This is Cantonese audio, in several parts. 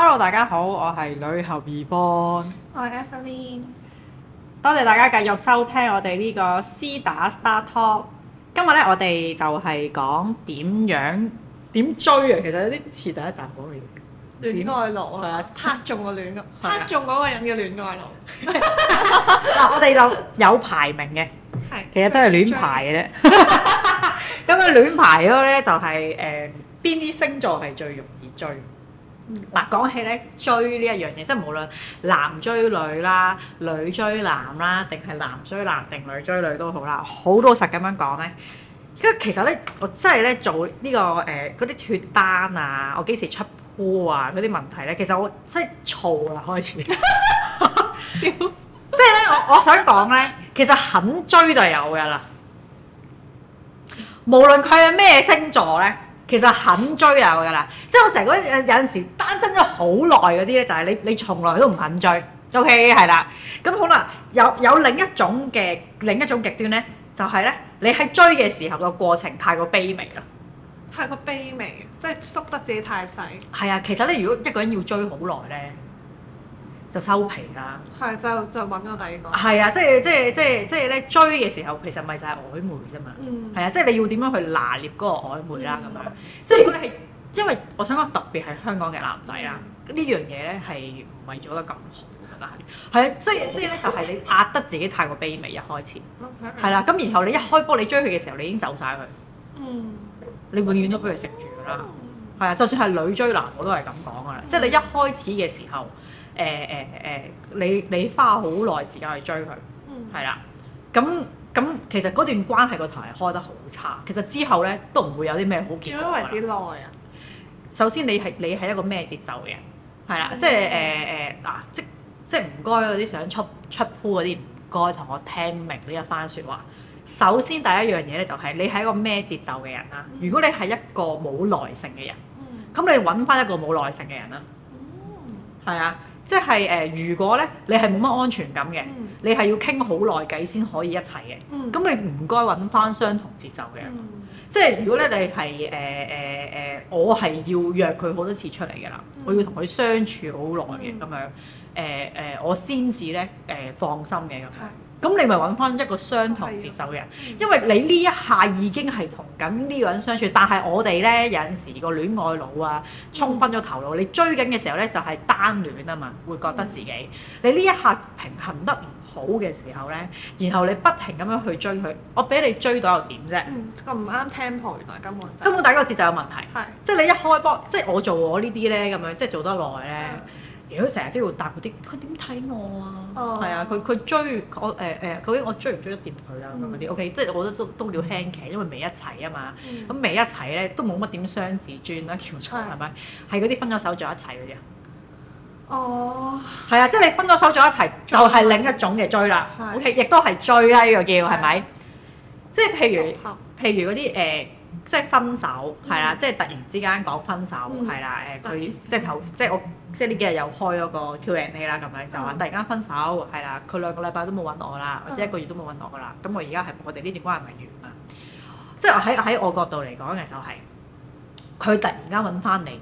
Hello，大家好，我係女合二波，我係 Evelyn，多謝大家繼續收聽我哋呢個私打 Star Talk。今日咧，我哋就係講點樣點追啊！其實有啲似第一集嗰個戀愛路啊，拍中個戀啊，拍中嗰個人嘅戀愛路。嗱，我哋就有排名嘅，係，其實都係戀排嘅啫。咁啊，戀排嗰咧就係誒，邊啲星座係最容易追？嗱，講起咧追呢一樣嘢，即係無論男追女啦、女追男啦，定係男追男定女追女都好啦，好老實咁樣講咧。咁其實咧，我真係咧做呢個誒嗰啲脫單啊，我幾時出鋪啊嗰啲問題咧，其實我真係燥啦開始。屌！即係咧，我我想講咧，其實肯追就有㗎啦。無論佢係咩星座咧。其實肯追啊㗎啦，即係我成日覺得有陣時單身咗好耐嗰啲咧，就係、是、你你從來都唔肯追，OK 係啦。咁好啦，有有另一種嘅另一種極端咧，就係、是、咧你喺追嘅時候個過程太過卑微啦，太過卑微，即係縮得自己太細。係啊，其實咧，如果一個人要追好耐咧。就收皮啦，係就就揾個第二個，係啊，即係即係即係即係咧追嘅時候，其實咪就係曖昧啫嘛，嗯，係啊，即、就、係、是、你要點樣去拿捏嗰個曖昧啦咁、嗯、樣，即係如果你係因為我想講特別係香港嘅男仔、嗯、啊，呢樣嘢咧係唔係做得咁好咁啊係，啊、就是，即係即係咧就係、是、你壓得自己太過卑微一開始 OK 係啦，咁、嗯啊、然後你一開波你追佢嘅時候，你已經走晒佢，嗯，你永遠都俾佢食住㗎啦，係、嗯、啊，就算係女追男，我都係咁講㗎啦，即係、嗯、你一開始嘅時候。誒誒誒，你你花好耐時間去追佢，係啦、嗯，咁咁其實嗰段關係個頭係開得好差，其實之後咧都唔會有啲咩好結果。為，為止耐啊！首先你係你係一個咩節奏嘅人？係啦、嗯呃，即係誒誒嗱，即即唔該嗰啲想出出鋪嗰啲唔該，同我聽明呢一番説話。首先第一樣嘢咧就係、是、你係一個咩節奏嘅人啦。嗯、如果你係一個冇耐性嘅人，咁、嗯、你揾翻一個冇耐性嘅人啦。係啊。嗯即係誒、呃，如果咧你係冇乜安全感嘅，嗯、你係要傾好耐偈先可以一齊嘅。咁你唔該揾翻相同節奏嘅。嗯、即係如果咧你係誒誒誒，我係要約佢好多次出嚟嘅啦，我要同佢相處好耐嘅咁樣。誒誒，我先至咧誒放心嘅咁樣。咁你咪揾翻一個相同接受嘅人， 因為你呢一下已經係同緊呢個人相處，但係我哋咧有陣時個戀愛腦啊，衝昏咗頭腦。你追緊嘅時候咧就係單戀啊嘛，會覺得自己 你呢一下平衡得唔好嘅時候咧，然後你不停咁樣去追佢，我俾你追到又點啫？嗯，咁唔啱 tempo，原來根本就根本大家個節奏有問題。係，即係你一開波，即係我做我呢啲咧，咁樣即係做得耐咧。如果成日都要答嗰啲，佢點睇我啊？係啊，佢佢追我誒誒，嗰啲我追唔追得掂佢啦？咁嗰啲 O K，即係我覺得都都叫輕嘅，因為未一齊啊嘛。咁未一齊咧，都冇乜點傷自尊啦，叫做係咪？係嗰啲分咗手再一齊嗰啲啊。哦，係啊，即係你分咗手再一齊，就係另一種嘅追啦。O K，亦都係追啦，呢個叫係咪？即係譬如譬如嗰啲誒。即係分手，係啦、嗯啊，即係突然之間講分手，係啦、嗯，誒佢、啊、然即係頭，即係我，即係呢幾日又開咗個 Q&A 啦，咁樣就話突然間分手，係啦、啊，佢兩個禮拜都冇揾我啦，或者、嗯、一個月都冇揾我噶啦，咁我而家係我哋呢段關係咪完啊！即係喺喺我角度嚟講嘅就係、是，佢突然間揾翻你，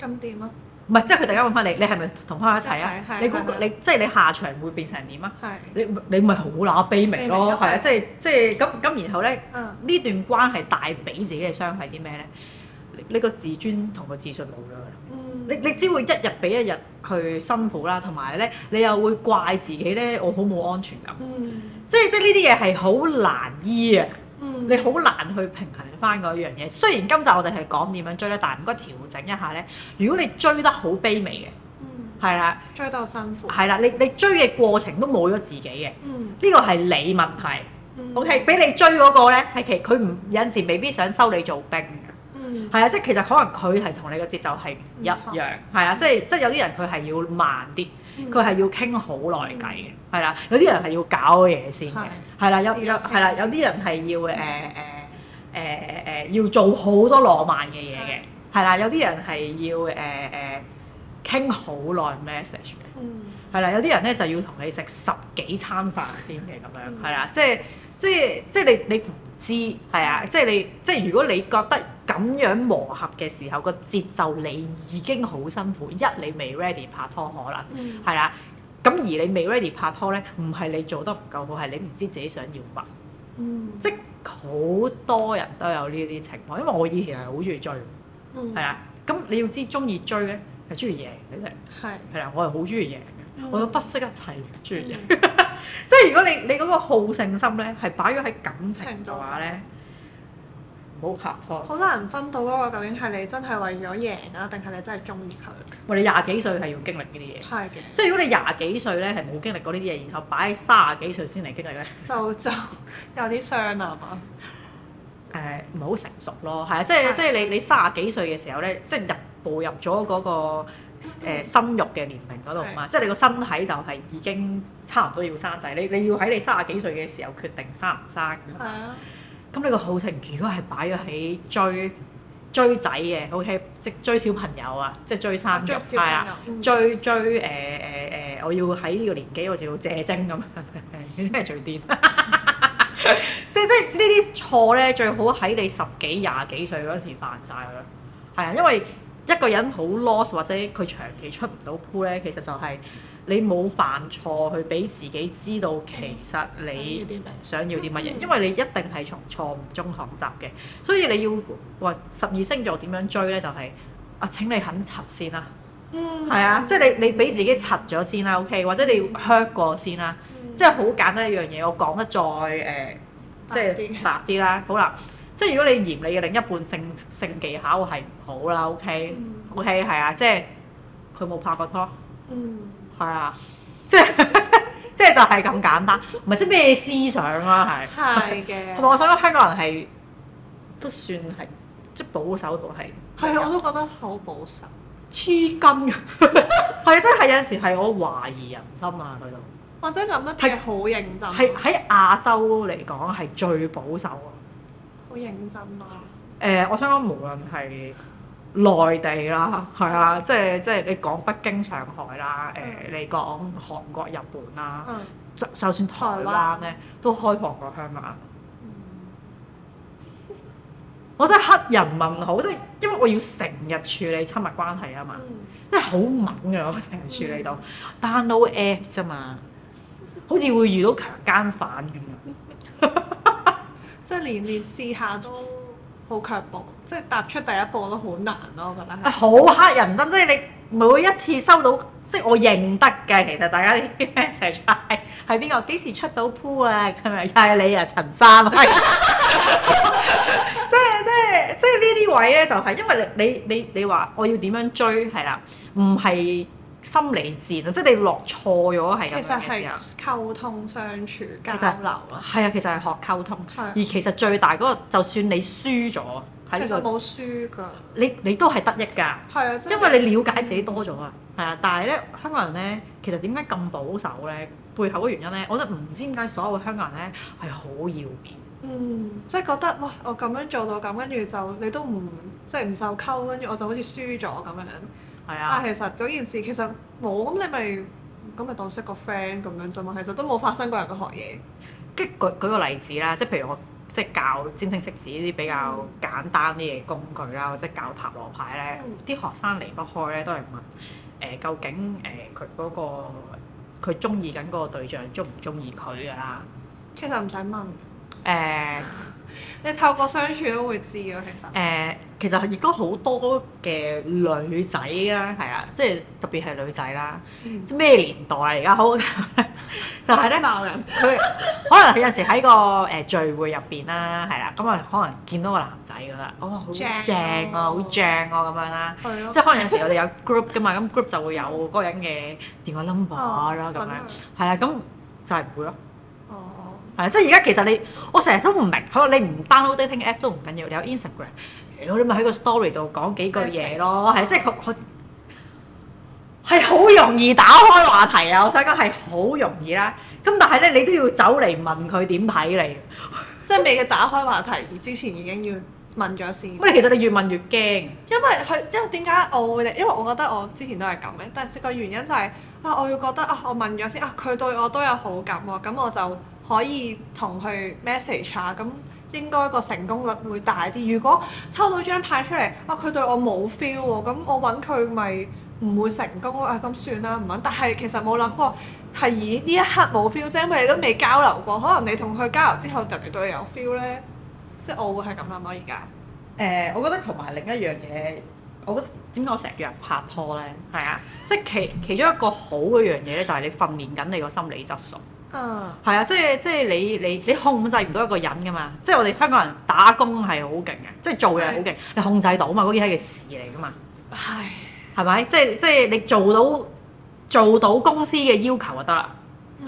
咁點啊？唔係，即係佢突然間問翻你，你係咪同翻一齊啊？你估、嗰個、的你即係你下場會變成點啊？是你你咪好乸悲鳴咯，係啊！即係即係咁咁，然後咧呢、嗯、段關係帶俾自己嘅傷係啲咩咧？呢個自尊同個自信冇咗啦。嗯、你你只會一日比一日去辛苦啦，同埋咧你又會怪自己咧，我好冇安全感。嗯、即係即係呢啲嘢係好難醫啊！你好難去平衡翻嗰樣嘢。雖然今集我哋係講點樣追咧，但係唔該調整一下咧。如果你追得好卑微嘅，係啦、嗯，的追得好辛苦，係啦，你你追嘅過程都冇咗自己嘅，呢個係你問題。O K，俾你追嗰、那個咧係其實佢唔有時未必想收你做兵嘅，係啊、嗯，即係其實可能佢係同你嘅節奏係一樣，係啊同，即係、嗯、即係有啲人佢係要慢啲。佢係要傾好耐計嘅，係啦、嗯。有啲人係要搞嘢先嘅，係啦對。有有係啦，有啲人係要誒誒誒誒要做好多浪漫嘅嘢嘅，係啦對。有啲人係要誒誒傾好耐 message 嘅，係、嗯、啦。有啲人咧就要同你食十幾餐飯先嘅咁、嗯、樣，係啦。即係即係即係你你唔知係啊，即係你，你知即係如果你覺得。咁樣磨合嘅時候，個節奏你已經好辛苦。一你未 ready 拍拖可能，係啦、嗯。咁而你未 ready 拍拖咧，唔係你做得唔夠好，係你唔知自己想要乜。嗯、即係好多人都有呢啲情況，因為我以前係好中意追。嗯。係啦。咁你要知中意追咧，係中意贏你哋。係是。係啦，我係好中意贏嘅，嗯、我都不惜一切中意贏。嗯、 即係如果你你嗰個好勝心咧，係擺咗喺感情嘅話咧。緣唔好拍拖，好難分到嗰個究竟係你真係為咗贏啊，定係你真係中意佢。餵！你廿幾歲係要經歷呢啲嘢，係嘅。即係如果你廿幾歲咧係冇經歷過呢啲嘢，然後擺喺三啊幾歲先嚟經歷咧，就就有啲傷啊嘛。誒、 呃，唔係好成熟咯，係啊的，即係即係你你三啊幾歲嘅時候咧，即係入步入咗嗰、那個誒、呃、生育嘅年齡嗰度嘛，的即係你個身體就係已經差唔多要生仔，你你要喺你三啊幾歲嘅時候決定生唔生。係啊的。咁你個好成，如果係擺咗喺追追仔嘅，OK，即追小朋友啊，即係追三追小、啊、追追誒誒誒，我要喺呢個年紀，我就要借精咁樣， 真最 呢啲係最癲。即係即係呢啲錯咧，最好喺你十幾廿幾歲嗰時犯曬咯。係啊，因為一個人好 loss 或者佢長期出唔到 pool 咧，其實就係、是。你冇犯錯，去俾自己知道其實你想要啲乜嘢，因為你一定係從錯誤中學習嘅。所以你要話十二星座點樣追呢？就係、是、啊請你肯柒先啦，係啊，即係你你俾自己柒咗先啦，OK，或者你 hurt 過先啦，即係好簡單一樣嘢。我講得再誒，即、呃、係白啲一啦，好啦，即係如果你嫌你嘅另一半性性技巧係唔好啦，OK，OK，係啊，即係佢冇拍過拖。係啊，即係即係就係咁簡單，唔係即咩思想啊？係。係嘅的。同埋我想講香港人係都算係即保守到係？係啊，我都覺得好保守，黐筋㗎。係 啊，即係有陣時係我懷疑人心啊，佢都。或者諗一啲嘢好認真，啊。係喺亞洲嚟講係最保守啊。好認真咯。誒，我想講無論係。內地啦，係啊，即係即係你講北京、上海啦，誒、呃，是啊、你講韓國、日本啦，是啊、就就算台灣咧，都開放過香港。嗯、我真係黑人問號，即係因為我要成日處理親密關係啊嘛，嗯、真係好猛嘅，我成日處理到 download app 啫嘛，好似會遇到強奸犯咁樣，嗯、 即係年年試下都好強暴。即係踏出第一步都好難咯，我覺得係。好乞 人憎，即係你每一次收到，即係我認得嘅。其實大家一齊估係邊個？幾時出到鋪啊？係咪係你啊？陳生係。即係即係即係呢啲位咧，就係因為你你你你話我要點樣追係啦？唔係心理戰啊！即係你落錯咗係。其實係溝通相處交流啊。係啊，其實係學溝通，的而其實最大嗰個，就算你輸咗。其實冇輸㗎，你你都係得益㗎，啊即係、因為你了解自己多咗啊，係、嗯、啊，但係咧香港人咧其實點解咁保守咧？背後嘅原因咧，我覺得唔知點解所有嘅香港人咧係好要面，嗯，即、就、係、係、覺得哇，我咁樣做到咁，跟住就你都唔即係唔受溝，跟住我就好似輸咗咁樣，係啊，但係其實嗰件事其實冇，咁你咪咁咪當識個 friend 咁樣啫嘛，其實都冇發生過人嘅學嘢。即舉舉個例子啦，即係譬如我。即係教占星骰子呢啲比較簡單啲嘅工具啦，即係教塔羅牌咧，啲、嗯、學生離不開咧，都係問誒究竟誒佢嗰個佢中意緊嗰個對象中唔中意佢㗎啦。喜喜其實唔使問誒。呃你透過相處都會知㗎，其實誒、呃，其實亦都好多嘅女仔啦，係啊，即係特別係女仔啦，咩年代而家好，就係咧某人佢可能有時喺個誒聚會入邊啦，係啦，咁啊可能見到個男仔覺得，哦，好正啊，好正啊咁、啊啊、樣啦，係咯，即係可能有時我哋有 group 噶嘛，咁 group 就會有嗰個人嘅電話 number 啦咁樣，係啊，咁就係唔會咯。係即係而家其實你，我成日都唔明，係你唔 download dating app 都唔緊要，你有 Instagram，你咪喺個 story 度講幾句嘢咯，係， 即係佢佢係好容易打開話題啊！我想講係好容易啦，咁但係咧，你都要走嚟問佢點睇你，即係未打開話題，之前已經要問咗先。喂， 其實你越問越驚，因為佢，因為點解我會，因為我覺得我之前都係咁嘅，但係個原因就係、是、啊，我要覺得啊，我問咗先啊，佢對我都有好感喎，咁、啊、我就。可以同佢 message 下，咁應該個成功率會大啲。如果抽到張牌出嚟，哇、啊，佢對我冇 feel 喎、哦，咁我揾佢咪唔會成功咯。咁、啊、算啦，唔揾。但係其實冇諗過係以呢一刻冇 feel 啫，因為你都未交流過。可能你同佢交流之後，特別對你有 feel 呢？即係我會係咁諗咯。而家誒，我覺得同埋另一樣嘢，我覺得點解我成日叫人拍拖呢？係啊， 即係其其中一個好嘅樣嘢呢，就係你訓練緊你個心理質素。嗯，係啊、即係，即係即係你你你控制唔到一個人噶嘛，即係我哋香港人打工係好勁嘅，即係做嘢好勁，你控制到嘛，嗰啲係嘅事嚟噶嘛，係，係唉咪？即係即係你做到做到公司嘅要求就得啦。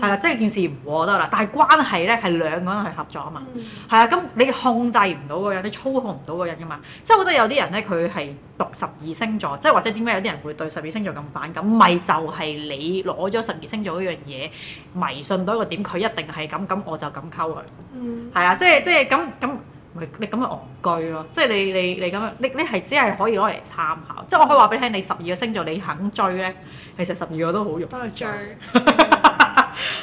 係啦，即係件事唔和得啦，但係關係咧係兩個人去合作啊嘛。係啊，咁你控制唔到嗰人，你操控唔到嗰人噶嘛。即係我覺得有啲人咧，佢係讀十二星座，即係或者點解有啲人會對十二星座咁反感？咪就係你攞咗十二星座嗰樣嘢迷信到一個點，佢一定係咁，咁我就咁溝佢。嗯，係啊，即係即係咁咁，唔係你咁樣戇居咯。即係你你你咁樣，你你係只係可以攞嚟參考。即係我可以話俾你聽，你十二個星座你肯追咧，其實十二個都好用。都係追。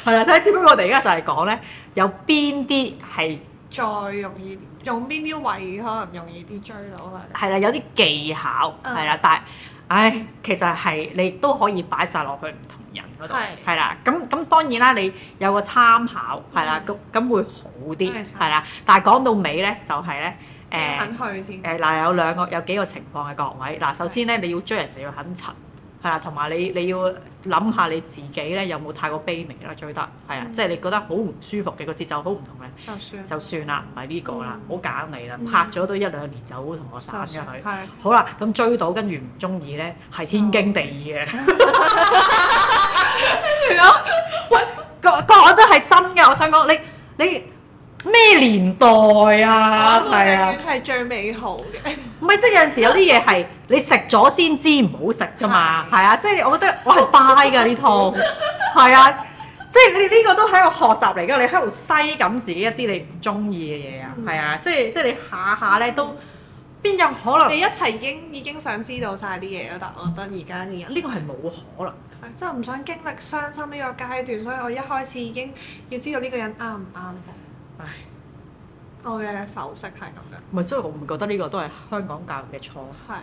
係啦，睇下只不過我哋而家就係講咧，有邊啲係最容易，用邊啲位可能容易啲追到佢。係啦，有啲技巧係啦、嗯，但係，唉，其實係你都可以擺晒落去唔同人嗰度。係的。係啦，咁咁當然啦，你有個參考係啦，咁咁、嗯、會好啲。係啦，但係講到尾咧，就係、是、咧，誒，肯去先。誒，嗱，有兩個有幾個情況嘅崗位。嗱，首先咧的，你要追人就要肯陳。係啊，同埋你你要諗下你自己咧，有冇太過卑微啦？追得係啊，即係、嗯、你覺得好唔舒服嘅個節奏好唔同嘅，就算就算啦，唔係呢個啦，好揀、嗯、你啦，嗯、拍咗都一兩年就同我散咗佢。係，好啦，咁追到跟住唔中意咧，係天經地義嘅。跟住咧，喂，個個我真係真嘅，我想講你你。你咩年代啊？係啊，係最美好嘅。唔係，即係有陣時有啲嘢係你食咗先知唔好食噶嘛。係啊，即係我覺得我係 buy 㗎呢套。係啊，即係你呢個都喺度學習嚟㗎。你喺度篩緊自己一啲你唔中意嘅嘢啊。係啊，即係即係你下下咧都邊有可能？你一齊已經已經想知道晒啲嘢咯？但我覺得而家嘅人呢個係冇可能。係真係唔想經歷傷心呢個階段，所以我一開始已經要知道呢個人啱唔啱。唉，嗯、我嘅剖析係咁嘅。唔係，即係我唔覺得呢個都係香港教育嘅錯。係，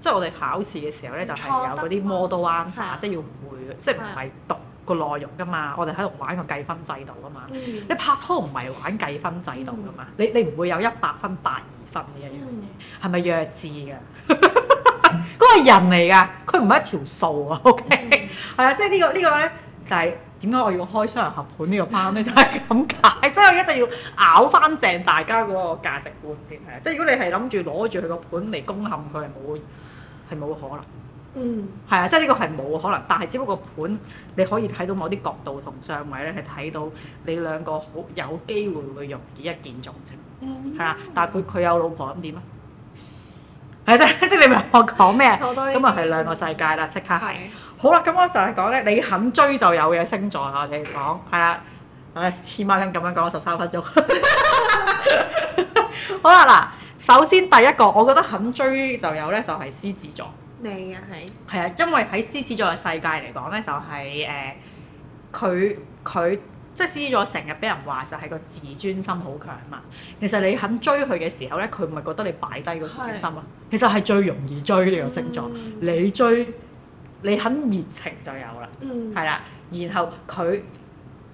即係我哋考試嘅時候咧，就係有嗰啲 model answer，即係要唔會，即係唔係讀個內容噶嘛？我哋喺度玩個計分制度噶嘛。嗯、你拍拖唔係玩計分制度噶嘛？嗯、你你唔會有一百分、八二分呢樣嘢，係咪？嗯、弱智噶？嗰 個人嚟噶，佢唔係一條數啊。OK，係啊，嗯， 即係呢個呢個咧就係。點解我要開雙人合盤呢個班咧？ 就係咁解，即係我一定要咬翻正大家嗰個價值觀先係。即係如果你係諗住攞住佢個盤嚟攻陷佢，係冇係冇可能。嗯，係啊，即係呢個係冇可能。但係只不過盤你可以睇到某啲角度同相位咧，係睇到你兩個好有機會會容易一見鍾情。嗯，係啊的，嗯，但係佢佢有老婆咁點啊？係啫， 即係你明我講咩？咁啊，係兩個世界啦！即刻係是好啦，咁我就係講咧，你肯追就有嘅星座。我哋講係啦，唉， 黐孖筋咁樣講十三分鐘。 好啦，嗱，首先第一個，我覺得肯追就有咧，就係、是、獅子座。你啊，係係啊， 因為喺獅子座嘅世界嚟講咧，就係誒佢佢。呃即係獅座成日俾人話就係個自尊心好強嘛，其實你肯追佢嘅時候咧，佢咪覺得你擺低個自尊心咯。其實係最容易追呢個星座，你追你肯熱情就有啦，係啦，然後佢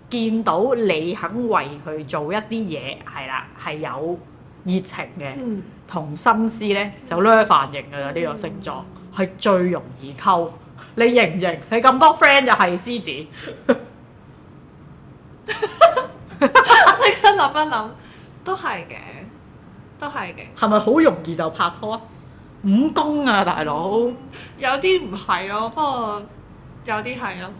見到你肯為佢做一啲嘢，係啦，係有熱情嘅同心思咧，就咧反應㗎啦。呢個星座係最容易溝，你認唔認？你咁多 friend 就係獅子。我即刻諗一諗，都係嘅，都係嘅。係咪好容易就拍拖啊？武功啊，大佬。有啲唔係咯，不過有啲係咯。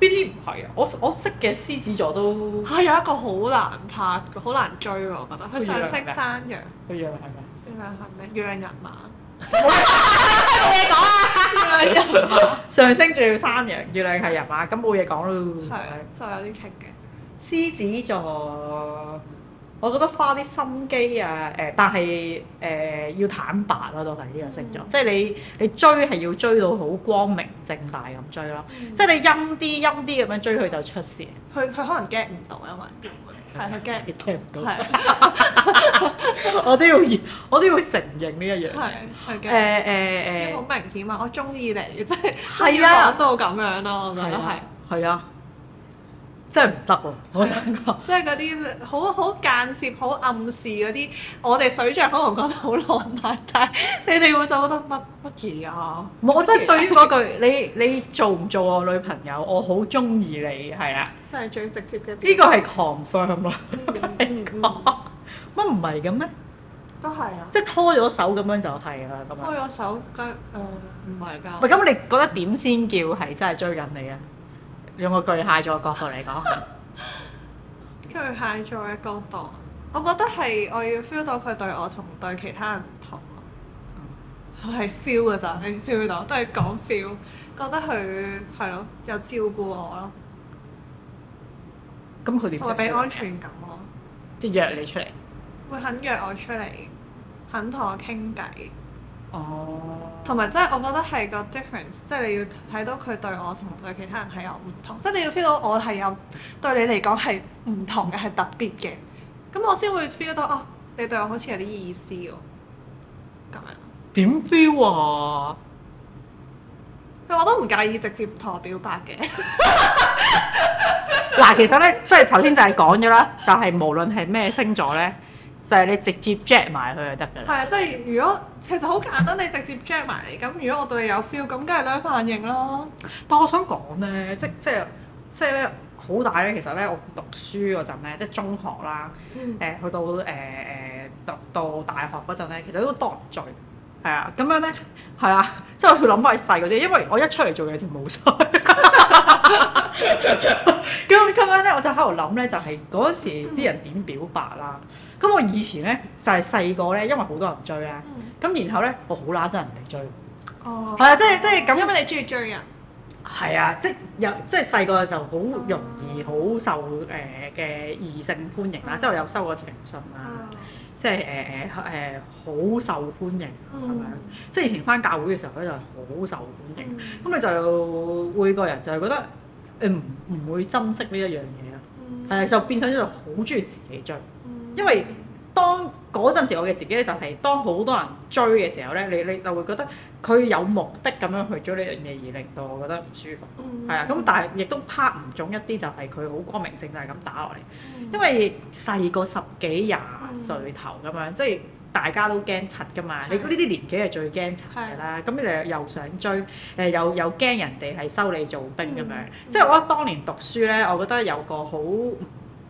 邊啲唔係啊？我我識嘅獅子座都係有一個好難拍，好難追，我覺得。佢上升山羊，月亮係咩？月亮係咩？月亮人馬。冇嘢講啊！月亮人馬上升，仲要山羊，月亮係人馬，咁冇嘢講咯。係，就有啲傾嘅。獅子座，我覺得花啲心機啊，誒，但係誒要坦白咯，都係呢個星座，即係你你追係要追到好光明正大咁追咯，即係你陰啲陰啲咁樣追佢就出事。佢佢可能 get 唔到因為，係佢 get 唔到。我都要我都要承認呢一樣。係誒誒誒，即係好明顯啊！我中意你，即係都要講到咁樣咯，我覺得係。係啊。真係唔得喎！我想講，即係嗰啲好好間接、好暗示嗰啲，我哋水象可能覺得好浪漫，但係你哋會就覺得乜乜嘢嘅？我真係對於嗰句你你做唔做我女朋友，我好中意你係啦，真係最直接嘅。呢個係 confirm 咯，乜唔係咁咩？都係啊！即係拖咗手咁樣就係啦，咁樣。拖咗手，咁唔係㗎。唔係咁，你覺得點先叫係真係追緊你啊？用個巨蟹座角度嚟講，巨蟹座嘅角度，我覺得係我要 feel 到佢對我同對其他人唔同，嗯、我係 feel 㗎咋，你 feel 到都係講 feel，覺得佢係咯，又照顧我咯，咁佢點？俾安全感咯、嗯，即係約你出嚟，會肯約我出嚟，肯同我傾偈。哦。同埋真係，我覺得係個 difference，即係你要睇到佢對我同對其他人係有唔同，即係你要 feel 到我係有對你嚟講係唔同嘅，係特別嘅，咁我先會 feel 到哦，你對我好似有啲意思喎，咁樣點 feel 啊？佢我都唔介意直接同我表白嘅。嗱，其實呢，即係頭先就係講咗啦，就係無論係咩星座呢。就係你直接 jack 埋佢就得㗎啦。係啊，即、就、係、是、如果其實好簡單，你直接 jack 埋嚟。咁如果我對你有 feel，咁梗係都反應咯。但我想講咧，即係即係即係咧，好大咧。其實咧，我讀書嗰陣咧，即係中學啦，誒去、嗯欸、到誒誒、呃、讀到大學嗰陣咧，其實都多聚係啊。咁樣咧係啊，即係去諗翻細嗰啲，因為我一出嚟做嘢就冇曬。咁今晚咧，我就喺度諗咧，就係嗰陣時啲人點表白啦。咁我、嗯、以前咧就係細個咧，因為好多人追啊。咁然後咧，我好乸憎人哋追。哦。係啊，即係即係咁。因為你中意追人。係啊，即係有即係細個就好容易好受誒嘅、呃、異性歡迎啦。嗯、即係我有收過情信啊。嗯、即係誒誒誒，好受歡迎係咪？即係以前返教會嘅時候咧，就、呃、好受歡迎。咁你、嗯、就會、是嗯、個人就係覺得誒唔唔會珍惜呢一樣嘢啊。嗯。係就變上咗好中意自己追。因為當嗰陣時，我嘅自己咧就係、是、當好多人追嘅時候咧，你你就會覺得佢有目的咁樣去做呢樣嘢，而令到我覺得唔舒服。係啊、嗯，咁但係亦都 part 唔中一啲，就係佢好光明正大咁打落嚟。嗯、因為細個十幾廿歲頭咁樣，嗯、即係大家都驚柒㗎嘛。嗯、你估呢啲年紀係最驚柒㗎啦。咁、嗯、你又又想追誒、呃，又又驚人哋係收你做兵咁樣。即係我覺得當年讀書咧，我覺得有個好。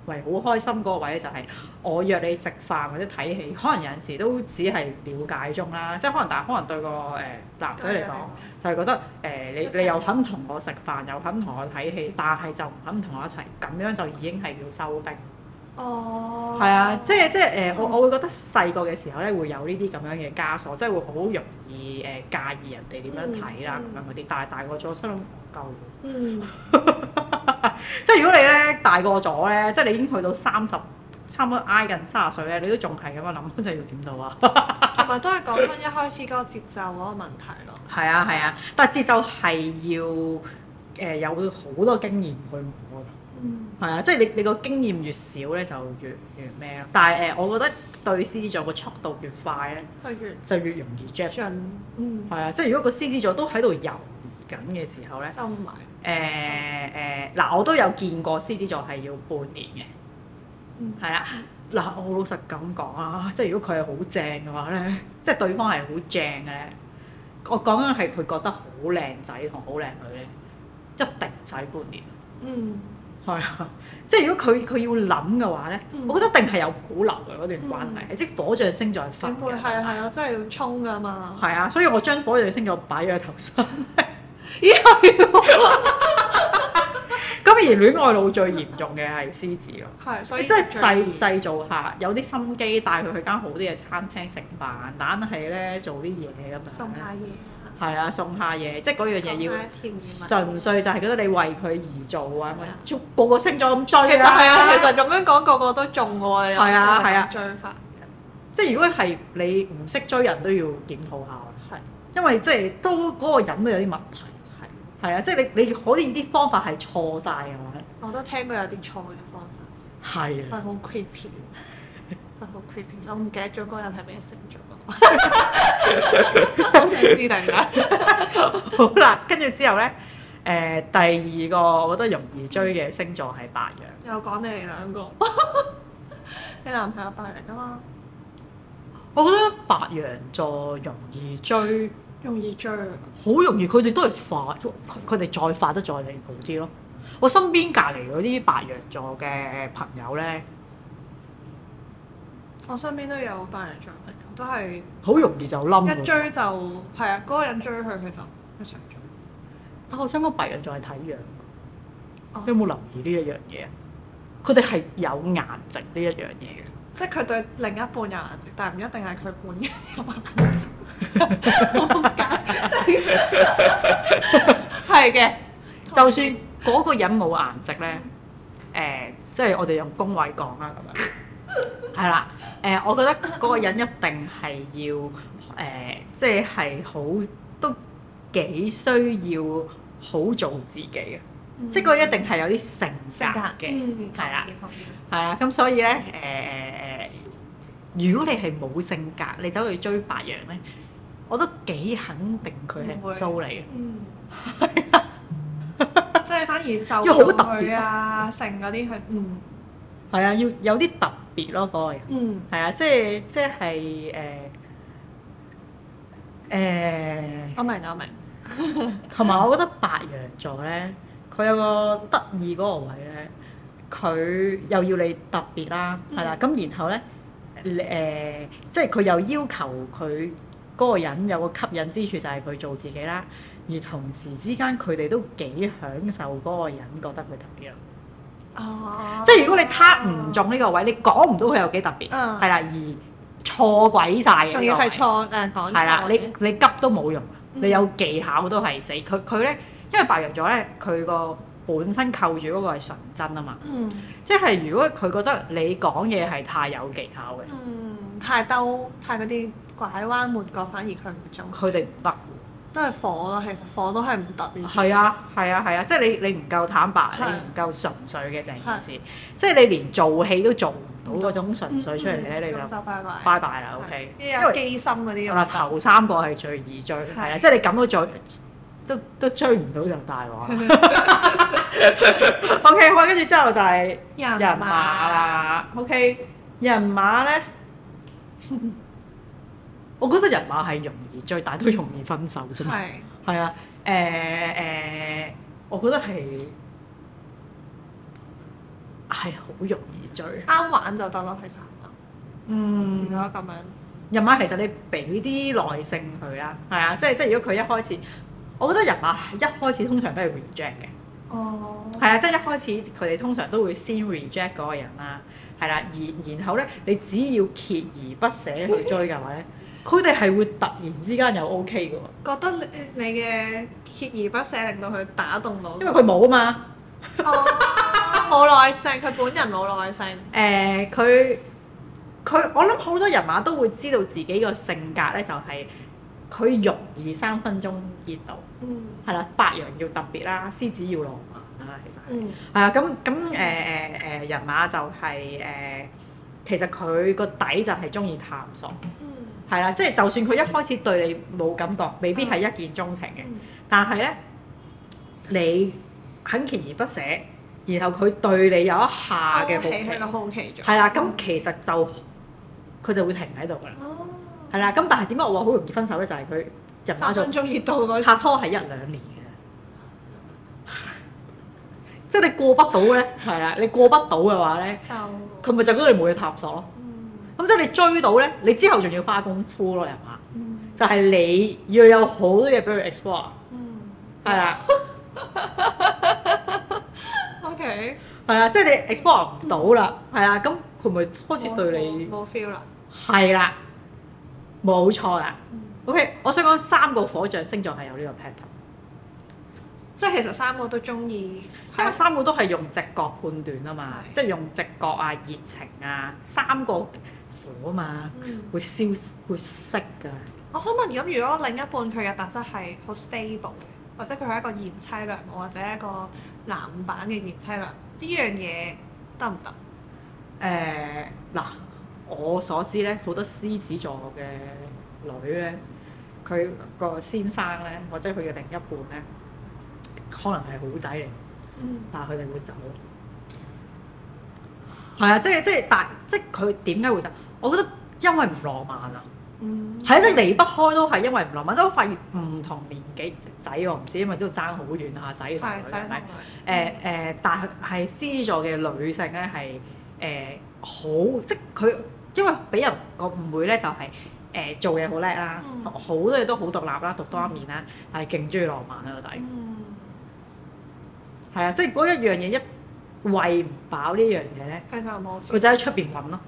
喂，好開心嗰個位咧就係、是、我約你食飯或者睇戲，可能有陣時都只係了解中啦，即係可能大家可能對個誒、呃、男仔嚟講， 就係覺得誒、呃、你你又肯同我食飯，又肯同我睇戲，但係就唔肯同我一齊，咁樣就已經係要收兵。哦，係、oh, 啊，即係即係誒，呃嗯、我我會覺得細個嘅時候咧，會有呢啲咁樣嘅枷鎖，即係會好容易誒、呃、介意人哋點樣睇啦，咁樣嗰啲。但係大個咗，想教育，嗯、 即係如果你咧大個咗咧，即係你已經去到三十，差唔多挨近三十歲咧，你都仲係咁樣諗就要點到啊？同埋都係講翻一開始嗰個節奏嗰個問題咯。係 啊係啊，但係節奏係要誒、呃、有好多經驗去磨係啊、嗯，即係你你個經驗越少咧，就越越咩咯。但係誒、呃，我覺得對獅子座個速度越快咧，就越就越容易 jump in。係啊，即係如果個獅子座都喺度猶豫緊嘅時候咧，收埋文。誒誒、呃，嗱、呃呃，我都有見過獅子座係要半年嘅。係啊、嗯。嗱、呃，我老實咁講啊，即係如果佢係好正嘅話咧，即係對方係好正嘅，我講緊係佢覺得好靚仔同好靚女咧，一定唔使半年。嗯。係啊，即係如果佢佢要諗嘅話咧，我覺得一定係有保留嘅嗰段關係，即、嗯、係、嗯嗯、火象星座分嘅。係啊係啊，真係要衝㗎嘛！係啊，所以我將火象星座我擺咗喺頭身。咦？咁而戀愛腦最嚴重嘅係獅子咯。係、嗯嗯嗯，所以即係製製造下，有啲心機帶佢去間好啲嘅餐廳食飯，但係咧做啲嘢咁樣。 係啊，送下嘢，即係嗰樣嘢要純粹就係覺得你為佢而做、嗯嗯、啊咁樣，逐、啊、個星座咁追、啊、其實係啊，其實咁樣講，個個都中喎。係啊，係啊，追法。即係如果係你唔識追人都要檢討下。係。因為即、就、係、是、都嗰、那個人都有啲問題。係的。係啊，即、就、係、是、你你好似啲方法係錯曬嘅。我都聽過有啲錯嘅方法。係的啊。係好 creepy。係好 creepy。Cre epy, 我唔記得咗嗰個人係咩星座。好想知點解？好啦，跟住之後咧，誒、呃、第二個我覺得容易追嘅星座係白羊。又講你哋兩個， 你男朋友白羊㗎嘛？我覺得白羊座容易追，容易追，好容易。佢哋都係化，佢哋再化得再離譜啲咯。我身邊隔離嗰啲白羊座嘅朋友咧，我身邊都有白羊座。都係好容易就冧，一追就係啊！嗰個人追佢，佢就一成追。但我想講，白人仲係睇樣，你有冇留意呢一樣嘢啊？佢哋係有顏值呢一樣嘢嘅，即係佢對另一半有顏值，但唔一定係佢本人有顏值。好係嘅，就算嗰個人冇顏值咧，誒，即係我哋用恭維講啦，咁樣係啦。誒、呃，我覺得嗰個人一定係要誒、呃，即係係好都幾需要好做自己嘅，嗯、即係嗰個一定係有啲性格嘅，係、嗯、啦，係啦了，咁、嗯、所以咧誒、呃，如果你係冇性格，你走去追白羊咧，我都幾肯定佢係騷你嘅，嗯、 即係反而就好特別啊，剩嗰啲佢嗯。係啊，要、那個、有啲特別咯，個人嗯，係啊，即係即係誒、誒，我明啦，我明。同埋我覺得白羊座咧，佢有個得意嗰個位咧，佢又要你特別啦，係啦、mm.，咁然後咧誒、呃，即係佢又要求佢嗰個人有個吸引之處，就係、是、佢做自己啦，而同時之間佢哋都幾享受嗰個人覺得佢特別。哦，啊、即係如果你撻唔中呢個位，嗯、你講唔到佢有幾特別，係啦、嗯，而錯鬼晒嘅，仲要係錯誒、呃、講，係啦，你你急都冇用，嗯、你有技巧都係死。佢佢咧，因為白羊座咧，佢個本身扣住嗰個係純真啊嘛，嗯、即係如果佢覺得你講嘢係太有技巧嘅，嗯，太兜太嗰啲拐彎抹角，反而佢唔中，佢哋唔得。都係火咯，其實火都係唔特別。係啊，係啊，係啊，即係你你唔夠坦白，啊、你唔夠純粹嘅成件事，啊、即係你連做戲都做唔到嗰種純粹出嚟咧，嗯嗯嗯、你就拜拜拜拜啦。啊、OK，啊、因為機心嗰啲。我話頭三個係最易追，係啊，啊，即係你咁都，都，都追，都都追唔到就大話、啊、 OK，哇，跟住之後就係人馬啦。人馬 OK，人馬咧。 我覺得人馬係容易追，但都容易分手啫嘛，係啊是，誒誒、呃呃，我覺得係係好容易追啱玩就得咯。其實，嗯，覺得咁樣人馬其實你俾啲耐性佢啦，係啊，即係即係。如果佢一開始，我覺得人馬一開始通常都係 reject 嘅，哦，係啊，即係一開始佢哋通常都會先 reject 嗰個人啦，係啦，而然後咧，你只要鍥而不捨去追嘅話，係咪？佢哋係會突然之間又 OK 嘅喎、啊，覺得你嘅鍥而不捨令到佢打動到，因為佢冇啊嘛、 哦，冇耐性，佢本人冇耐性。誒、呃，佢佢我諗好多人馬都會知道自己個性格咧，就係佢容易三分鐘熱度。嗯，係啦，白羊要特別啦，獅子要浪漫啊，其實係、嗯、啊，咁咁誒誒誒人馬就係、是、誒、呃，其實佢個底就係中意探索。係啦，即係就算佢一開始對你冇感覺，未必係一見鍾情嘅，但係咧你肯鍥而不捨，然後佢對你有一下嘅好奇，係咯，好奇咗，係啦，咁其實就佢就會停喺度噶啦。係啦，咁但係點解我話好容易分手咧？就係佢三分鐘熱度，拍拖係一兩年嘅，即係你過不到咧。係啦，你過不到嘅話咧，就佢咪就覺得冇嘢探索咯。嗯、即係你追到咧，你之後仲要花功夫咯，係、嗯、嘛？就係你要有好多嘢俾佢 explore，係啦。O K，係啦，即係你 explore 唔到啦，係啊、嗯。咁佢咪開始對你冇 feel 啦？係啦，冇錯啦。嗯、o、okay, K，我想講三個火象星座係有呢個 pattern，即係其實三個都中意，因為三個都係用直覺判斷啊嘛，對即係用直覺啊、熱情啊，三個。三個火嘛、嗯，會消會熄㗎。我想問，咁如果另一半佢嘅特質係好 stable，或者佢係一個賢妻良母，或者一個男版嘅賢妻良，呢樣嘢得唔得？誒、呃、嗱，我所知咧，好多獅子座嘅女咧，佢個先生咧，或者佢嘅另一半咧，可能係好仔嚟，嗯、但係佢哋會走。係、嗯、啊，即係即係，但即係佢點解會走？我覺得因為唔浪漫啊、嗯，係即係離不開都係因為唔浪漫。即我發現唔同年紀仔我唔知，因為都爭好遠下仔同佢哋。誒誒、嗯呃呃，但係獅座嘅女性咧係誒好，即佢因為俾人個誤會咧就係、是、誒、呃、做嘢好叻啦，好、嗯、多嘢都好獨立啦，獨當一面啦，係勁中意浪漫啊，到底。係啊，即係嗰一樣嘢一餵唔飽呢一樣嘢咧，佢就喺出邊揾咯。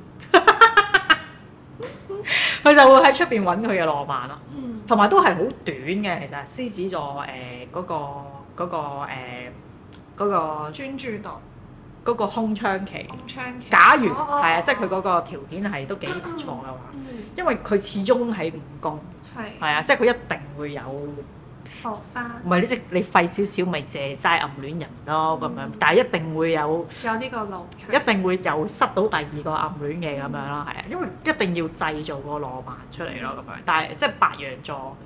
佢就會喺出邊揾佢嘅浪漫咯，同埋、嗯、都係好短嘅。其實獅子座誒嗰、呃嗰個嗰、嗰個誒、呃嗰個、專注度，嗰個空窗期。空窗期。假如係啊，即係佢嗰個條件係都幾唔錯嘅話，因為佢始終喺唔公，係啊，即係佢一定會有。唔係呢隻，你費少少咪借齋暗戀人咯咁、嗯、樣，但係一定會有有呢個路，一定會有失到第二個暗戀嘅咁、嗯、樣啦，係啊，因為一定要製造個浪漫出嚟咯咁樣，但係即係白羊座，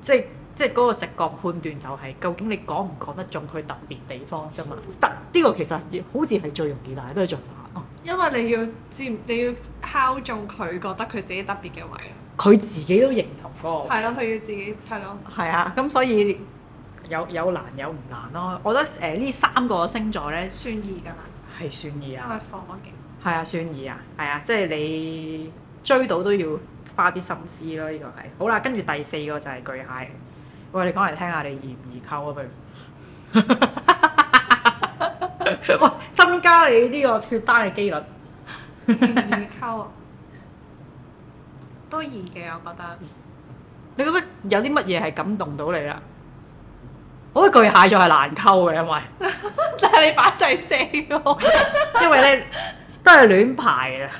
即係即係嗰個直覺判斷就係究竟你講唔講得中佢特別地方啫嘛，特呢個其實好似係最容易，但係都係最難咯，啊、因為你要接，你要敲中佢覺得佢自己特別嘅位。佢自己都認同嗰個，係咯，佢要自己係咯，係啊，咁所以有有難有唔難咯。我覺得誒呢、呃、三個星座咧算易噶啦，係算易啊，因係啊算易啊，係啊，即係你追到都要花啲心思咯。呢、這個係好啦，跟住第四個就係巨蟹，喂你講嚟聽下，你易唔易溝啊佢？喂， 增加你呢個脫單嘅機率，易溝啊！ 都易嘅，我覺得。你覺得有啲乜嘢係感動到你啊？我覺得巨蟹座係難溝嘅，因為 但係你擺第四個咯。因為咧都係亂排啊。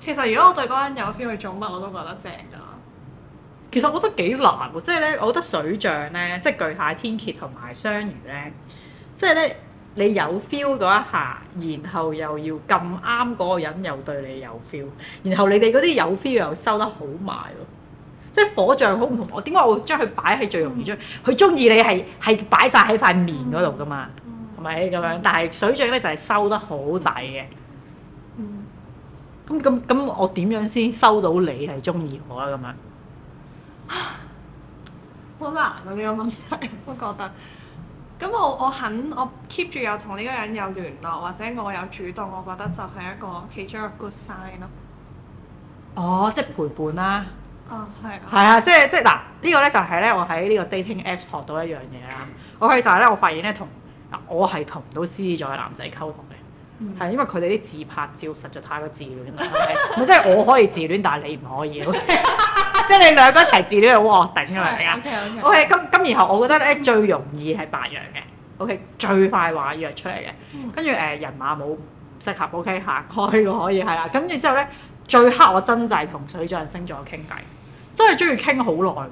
其實如果我對嗰個人有 feel 去做乜，我都覺得正噶。其實我覺得幾難喎，即係咧，我覺得水象咧，即係巨蟹、天蠍同埋雙魚咧，即係咧。你有 feel 嗰一下，然後又要咁啱嗰個人又對你有 feel，然後你哋嗰啲有 feel 又收得好埋喎，即係火象好唔同。我點解我會將佢擺喺最容易將，佢中意你係係擺晒喺塊面嗰度㗎嘛，係咪咁樣？但係水象咧就係、是、收得好底嘅。咁咁咁，我點樣先收到你係中意我啊？咁 樣，好難呀，覺得呢個問題，我覺得。咁我我肯我 keep 住有同呢個人有聯絡，或者我有主動，我覺得就係一個其中一個 good sign 咯。哦，即係陪伴啦。哦係啊，係、哦、啊，啊，即係即係嗱，呢、這個咧就係咧我喺呢個 dating apps 學到一樣嘢啦。OK 就係咧，我發現咧同嗱我係同唔到獅子座嘅男仔溝通。係，嗯、因為佢哋啲自拍照實在太過自戀啦，即係、 就是、我可以自戀，但係你唔可以，即 係 你兩個一齊自戀，好惡頂啊！係啊 ，OK o OK，咁咁，然後我覺得咧最容易係白羊嘅，OK 最快話約出嚟嘅，跟住誒人馬冇適合，OK 行開咯可以係啦。跟住之後咧，最黑我真係同水象星座傾偈，真係中意傾好耐。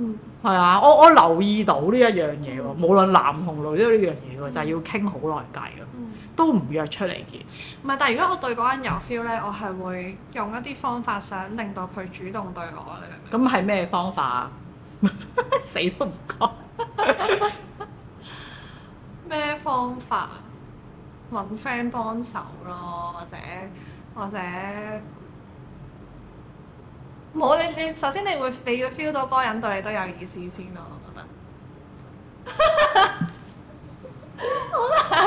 嗯，係啊，我我留意到呢一樣嘢喎，無論男同女都係呢樣嘢喎，就係、是、要傾好耐偈嘅。嗯都唔約出嚟嘅。唔係，但係如果我對嗰個人有 feel 呢，我係會用一啲方法想令到佢主動對我。咁係咩方法？ 死都唔講。咩方法？揾 friend 幫手咯，或者或者冇你你首先你會你要 feel 到嗰個人對你都有意思先咯，我覺得。 好啦。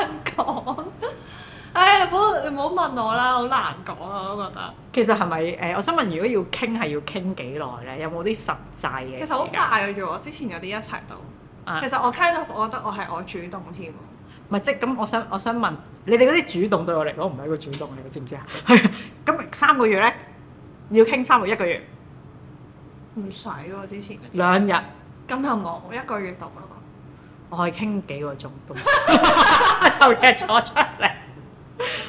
唉、哎，你唔好你唔好問我啦，好難講啊，我都覺得。其實係咪誒？我想問，如果要傾係要傾幾耐咧？有冇啲實際嘅？其實好快㗎！仲我之前有啲一齊到。啊、其實我 kind of 我覺得我係我主動添。唔係即咁，我想我想問你哋嗰啲主動對我嚟講唔係一個主動嚟嘅，你知唔知啊？咁 三個月咧，要傾三個一個月。唔使喎，之前。兩日天。咁又冇一個月到咯。我可以傾幾個鐘都就約咗出嚟。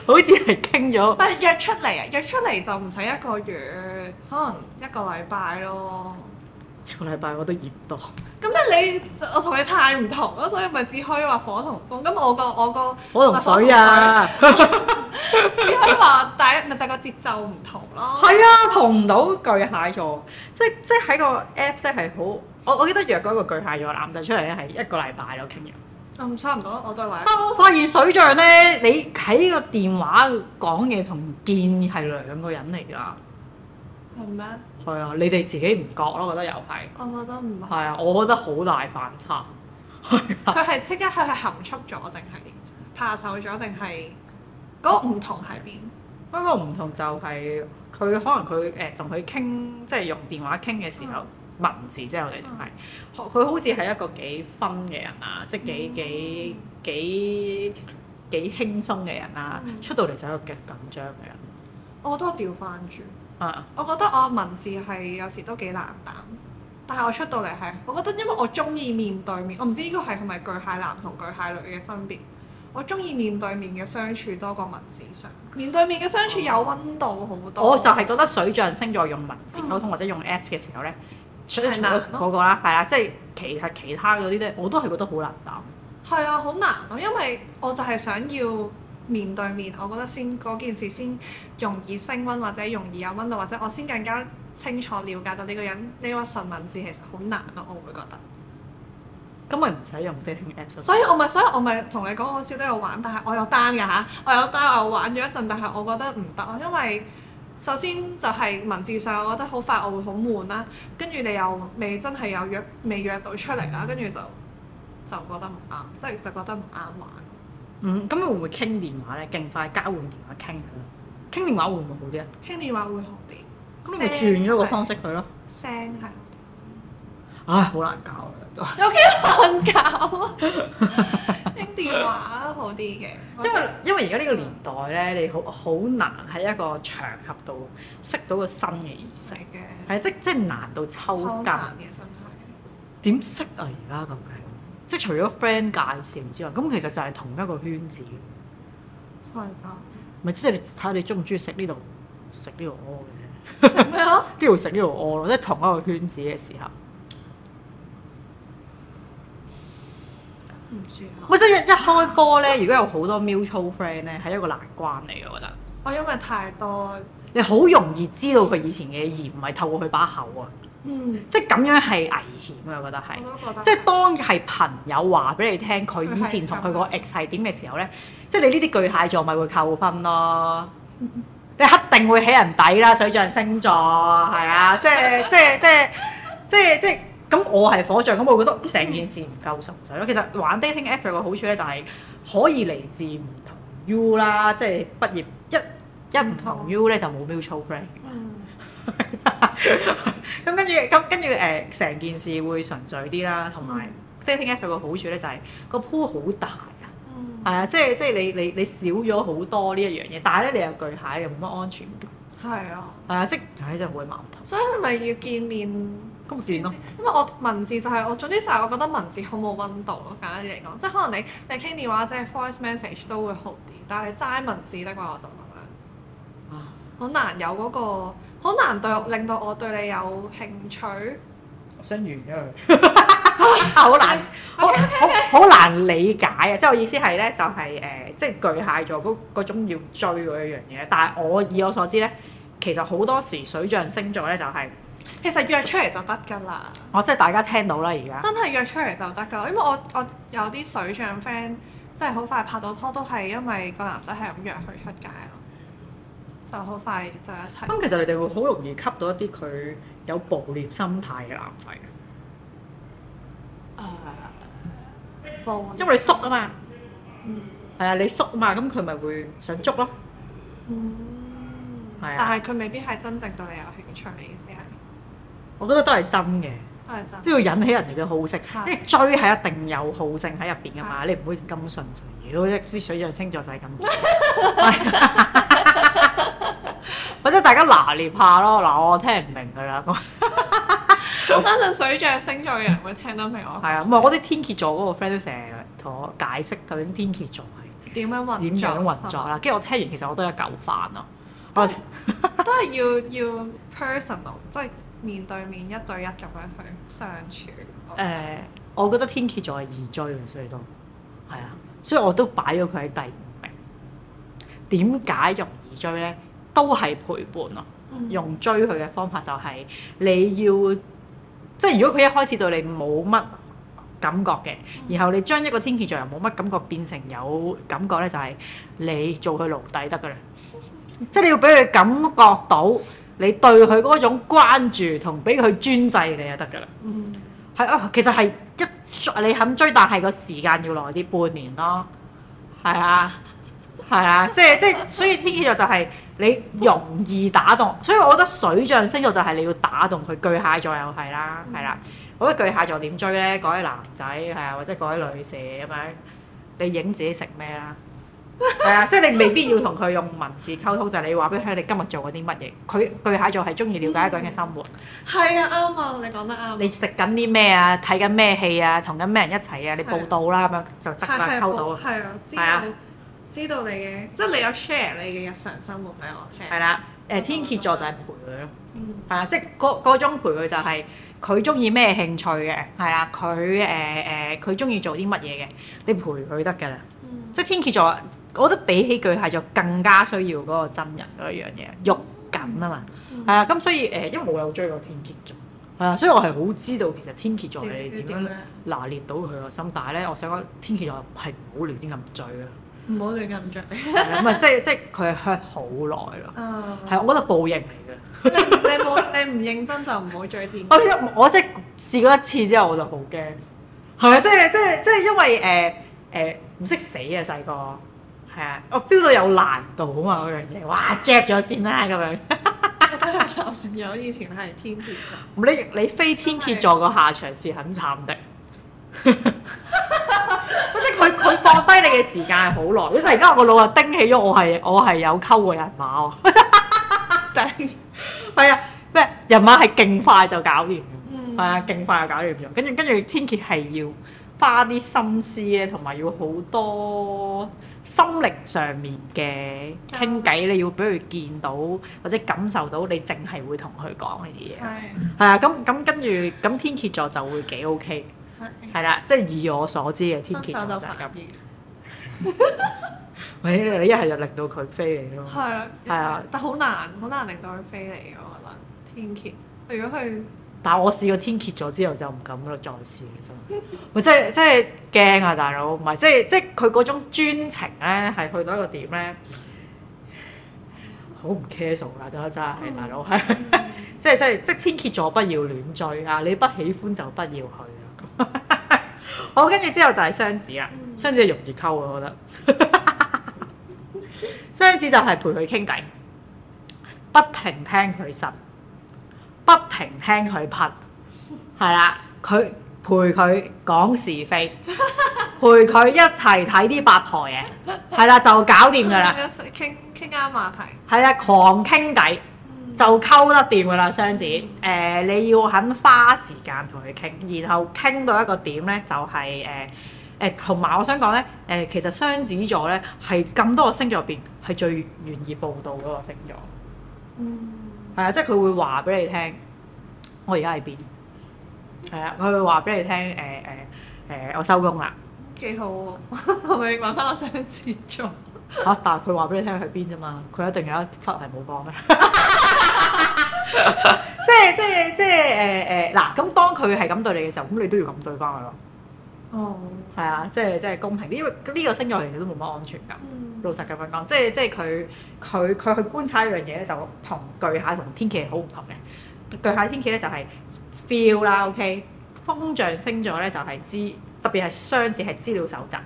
好似係傾咗，唔係約出嚟啊！約出嚟就唔使一個月，可能一個禮拜咯。一個禮拜我都熱到。咁咧，你我同你太唔同咯，所以咪只可以話火同風。咁我個我個火同水啊，只可以話第一咪就個節奏唔同咯。係啊，同唔到巨蟹座，即即喺個 app 即係好，我我記得約過一個巨蟹座男仔出嚟咧，係一個禮拜有傾嘢。咁、嗯、差唔多，我都係話。啊！我發現水象咧，你喺個電話講嘢同見係兩個人嚟㗎。係咩嗎？係啊，你哋自己唔覺咯，我覺得又係。我覺得唔係。係、嗯、啊，我覺得好大反差。佢係即刻，佢係含蓄咗，定係怕醜咗，定係嗰個唔同喺邊？嗰、嗯嗯嗯、個唔同就係、是、佢可能佢誒同佢傾，即係用電話傾嘅時候。嗯文字即係我哋就佢、係嗯、好似係一個幾分嘅人啊，嗯、即係幾幾幾幾輕鬆嘅人啊。嗯、出到嚟就係一個極緊張嘅人。我都係調翻轉啊！我覺得我，啊、我，覺得我文字係有時都幾難打，但係我出到嚟係，我覺得因為我中意面對面，我唔知呢個係咪巨蟹男同巨蟹女嘅分別。我中意面對面嘅相處多過文字上，面對面嘅相處有溫度好多、嗯。我就係覺得水象星座用文字溝通、嗯、或者用 Apps 嘅時候咧。出嚟嗰個啦，係啦，即係其他其他嗰啲咧，我都係覺得好難打。係啊，好難咯，因為我就係想要面對面，我覺得先嗰件事先容易升温，或者容易有温度，或者我先更加清楚了解到呢個人。呢一純文字其實好難咯，我會覺得。咁咪唔使用即 a t i n app 咯。所以我咪，所以我咪同你講，我少都有玩，但係我有單嘅嚇，我有單，我玩咗一陣，但係我覺得唔得咯，因為。首先就係文字上，我覺得好快，我會好悶啦。跟住你又未真係有約，未約到出嚟啦。跟住就就覺得唔啱，即係就覺得唔啱玩。嗯，咁你會唔會傾電話咧？勁快交換電話傾嘅，傾電話會唔會好啲啊？傾電話會好啲。咁你咪轉咗個方式佢咯？聲係。唉，好難搞啊！有幾難搞，傾電話好啲嘅。因為因為而家呢個年代咧，你好好難喺一個場合度識到個新嘅形式嘅。係啊的，即即難到抽筋嘅真係。點識啊？而家咁嘅，即係除咗 friend 介紹之外，咁其實就係同一個圈子。係㗎的。咪即係你睇下你中唔中意食呢度食呢度屙嘅？食咩啊？呢度食呢度屙咯，即係同一個圈子嘅時候。唔舒服。喂，即係一一開波咧，如果有好多 mutual friend 咧，係一個難關嚟嘅，我覺得。我因為太多。你好容易知道佢以前嘅，而唔係透過佢把口啊。嗯。即係咁樣係危險啊！我覺得係。我都覺得。即係當係朋友話俾你聽，佢以前同佢個 ex 係點嘅時候咧，即係你呢啲巨蟹座咪會扣分咯。你肯定會起人底啦，水象星座係啊，即係即係即係即係。咁我係火象，咁我覺得成件事唔夠純粹咯。嗯、其實玩 dating app 嘅好處咧，就係可以嚟自唔同 u 啦，即、就、係、是、畢業一一唔同 u 咧、嗯、就冇 mutual friend、嗯。咁 跟住咁跟住誒，成、呃、件事會純粹啲啦，同埋、嗯、dating app 嘅好處咧就係個 pool 好大、嗯、啊，係、就、啊、是，即係即係你你你少咗好多呢一樣嘢，但係咧你又巨蟹又冇乜安全感，係啊，係啊，即、就、係、是哎、就會矛盾。所以係咪要見面。咁自因為我文字就係、是、我總之就係我覺得文字好冇溫度咯，簡單啲嚟講，即係可能你你傾電話即係 voice message 都會好啲，但係你齋文字的話我就唔得。啊，好難有嗰、那個，好難對令到我對你有興趣。我完咗佢，好 難，好好 Okay, okay. 難理解啊！即係我意思係咧，就係、是、誒、呃，即係巨蟹座嗰、那個、種要追嗰一樣嘢，但係我以我所知咧，其實好多時水象星座咧就係、是。其實約出嚟就得㗎啦！我、啊、即係大家聽到啦，而家真係約出嚟就得㗎，因為我我有啲水象 friend，即係好快拍到拖都係因為個男仔係咁約佢出街咯，就好快就一齊。咁、嗯、其實你哋會好容易吸到一啲佢有暴獵心態嘅男仔啊！Uh, 因為你熟啊嘛，嗯，係啊，你熟啊嘛，咁佢咪會想捉咯，嗯、係、但係佢未必係真正對你有興趣嚟嘅，先係。我覺得都係真嘅，都要引起人哋嘅好色。啲的追係一定有好勝喺入邊噶嘛，的你唔好咁純粹。如果啲水象星座就係咁，或者 大家拿捏下咯。嗱，我聽唔明噶啦。我，我相信水象星座嘅人會聽得明我，我。係啊，唔係我啲天蠍座嗰個 friend 都成日同我解釋究竟天蠍座係點樣運作，點樣運作啦。跟住、嗯、我聽完，其實我都係救翻咯。我都係要要 personal，即係。面對面一對一咁樣去相處。誒、okay。呃，我覺得天蠍座係易追嘅，所以都係啊，所以我都擺咗佢喺第五名。點解容易追呢？都係陪伴咯、啊。嗯、用追佢嘅方法就係、是、你要，即係如果佢一開始對你冇乜感覺嘅，然後你將一個天蠍座又冇乜感覺變成有感覺呢，就係、是、你做佢奴隸得㗎啦。 即係你要俾佢感覺到。你對佢嗰種關注同俾佢專制你就得噶啦，係啊，其實係一你肯追，但係個時間要耐啲半年咯，係啊，係啊，啊，即係即係，所以天蠍座就係你容易打動，哇 所以我覺得水象星座就係你要打動佢，巨蟹座又係啦，係啦、啊，嗯、我覺得巨蟹座點追咧，各位男仔係啊，或者各位女士咁樣，你影自己食咩啦？係 啊，即係你未必要同佢用文字溝通，就係、是、你話俾佢你今日做過啲乜嘢。佢巨蟹座係中意了解一個人嘅生活。係、嗯、啊，啱啊，你講得啱。你食緊啲咩啊？睇緊咩戲啊？同緊咩人一齊啊？你報道啦，咁、啊、樣就得啦，溝到、啊。係啊，啊，知道你嘅，即係、啊、你有 share 你嘅日常生活俾我聽。係啦、啊，誒、呃、天蠍座就係陪佢咯，係、嗯、啊，即係個個陪佢就係佢中意咩興趣嘅，係啊，佢誒誒佢中意做啲乜嘢嘅，你陪佢得㗎啦。嗯、即係天蠍座。我覺得比起巨蟹就更加需要嗰個真人嗰樣嘢，肉緊啊嘛，係、嗯、啊，咁、嗯、所以誒，因為我有追過天蠍座，係啊，所以我係好知道其實天蠍座你點樣拿捏到佢個心。但係咧，我想講天蠍座係唔好亂咁追啊，唔好亂咁追。係啊，即係即係佢係 hurt 好耐咯。係啊，我覺得報應嚟嘅。你冇你唔認真就唔好追天蠍。我即係我即係試過一次之後我就好驚。係啊，即係即係即係因為誒誒唔識死啊細個。係啊，我 feel 到有難度啊嘛，嗰樣嘢，哇 jump 咗先啦咁樣。男朋友以前係天蠍座， 你你飛天蠍座個下場很下是很慘的。即係佢佢放低你嘅時間係好耐，因為而家我個腦啊叮起咗，我係我係有溝過人馬喎。係啊，咩人馬係勁快就搞掂，係啊、嗯、勁快就搞掂。咁跟住跟住天蠍係要花啲心思咧，同埋要好多，心靈上面嘅傾偈，你要俾佢見到或者感受到你對，你淨係會同佢講呢啲嘢。係。係啊，咁咁跟住咁天蠍座就會幾 OK。係的。係啦，即係以我所知嘅天蠍座就。得咁。喂、 哎，你一係就令到佢飛嚟咯。係啊。係啊，但好難，好難令到佢飛嚟嘅，我覺得。天蠍，如果佢，但係我試過天蠍座之後就唔敢啦，再試真。咪即係即係。即驚啊，大佬！唔係即係即係佢嗰種專情咧，係去到一個點咧，好唔 casual 㗎，得真係，大佬係 即係即係即天蠍座不要亂追啊！你不喜歡就不要去啊。 好，跟住之後就係雙子啦， 雙子容易溝啊，我覺得。雙子就係陪佢傾偈，不停聽佢呻，不停聽佢噴，係啦，佢。陪佢講是非，陪佢一齊睇啲八婆嘢，係啦 就搞掂噶啦，傾傾啱話題，係啊，狂傾偈，嗯、就溝得掂噶啦雙子，誒、嗯呃、你要肯花時間同佢傾，然後傾到一個點呢，就係誒誒同埋我想講呢，誒、呃、其實雙子座呢，係咁多個星座入邊係最願意報導嗰個星座，嗯係啊，即係佢會話俾你聽，我而家喺邊。係、呃呃呃呃、啊，佢會話俾你聽，誒誒誒，我收工啦。幾好喎？我咪揾翻我上次做。嚇、啊！但係佢話俾你聽去邊啫嘛？佢一定有一忽係冇幫嘅。即係即係即係誒誒嗱，咁、呃 uh, 當佢係咁對你嘅時候，咁你都要咁對翻佢咯。哦、oh.。係、就、啊、是，即係即係公平。因為呢個星座其實都冇乜安全感，mm. 老實咁講，即係即係佢佢佢去觀察一樣嘢咧，就巨同巨蟹同天蠍好唔同嘅。巨蟹天蠍咧就係、是。feel 啦，OK，Yeah. 風象星座咧就係資，特別係雙子係資料蒐集。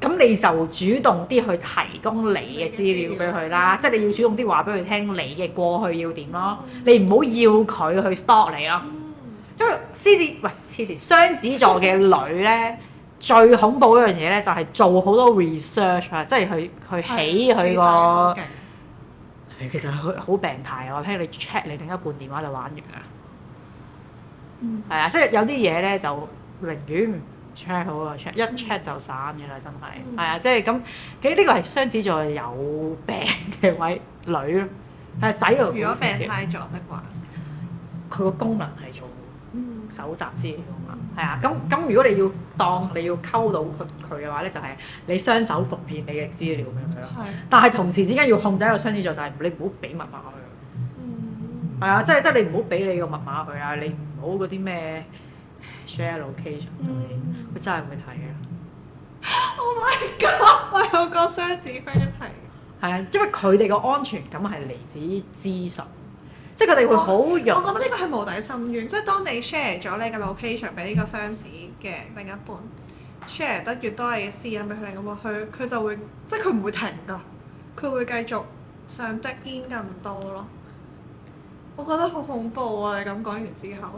咁、mm. 你就主動啲去提供你嘅資料俾佢啦， 即係你要主動啲話俾佢聽你嘅過去要點咯。Mm. 你唔好要佢去 stop s t o p 你咯。因為獅子，喂，黐線雙子座嘅女咧 最恐怖一樣嘢咧就係做好多 research 啊，即係 去去起佢個。 其實佢 好病態啊！我聽你 check 你另一,一半電話就玩完啦。嗯，係啊，即係有啲嘢咧就寧願唔 check 好啊，check 一 check 就散嘅啦，真係。係啊、嗯，即係咁，其實呢個係雙子座有病嘅位女咯，係仔又如果病太咗嘅話，佢個持人功能係做搜集資料啊，係啊，咁咁如果你要當你要溝到佢佢嘅話咧，就係、是、你雙手撲遍你嘅資料咁樣咯。但係同時之間要控制一個雙子座就係、是、你唔好俾密碼佢。嗯。係啊，即係即係你唔好俾你個密碼佢啊，你。冇嗰啲咩 share location，佢、嗯、真係會睇嘅。Oh my god！我有個雙子 friend 係係啊，因為佢哋個安全感係嚟自於資訊，即係佢哋會好。我覺得呢個係無底深淵，即係當你 share 咗你嘅 location 俾呢個雙子嘅另一半 ，share 得越多你嘅私隱俾佢哋咁，佢佢就會即係佢唔會停㗎，佢會繼續上得煙咁多咯。我覺得好恐怖啊！你咁講完之後，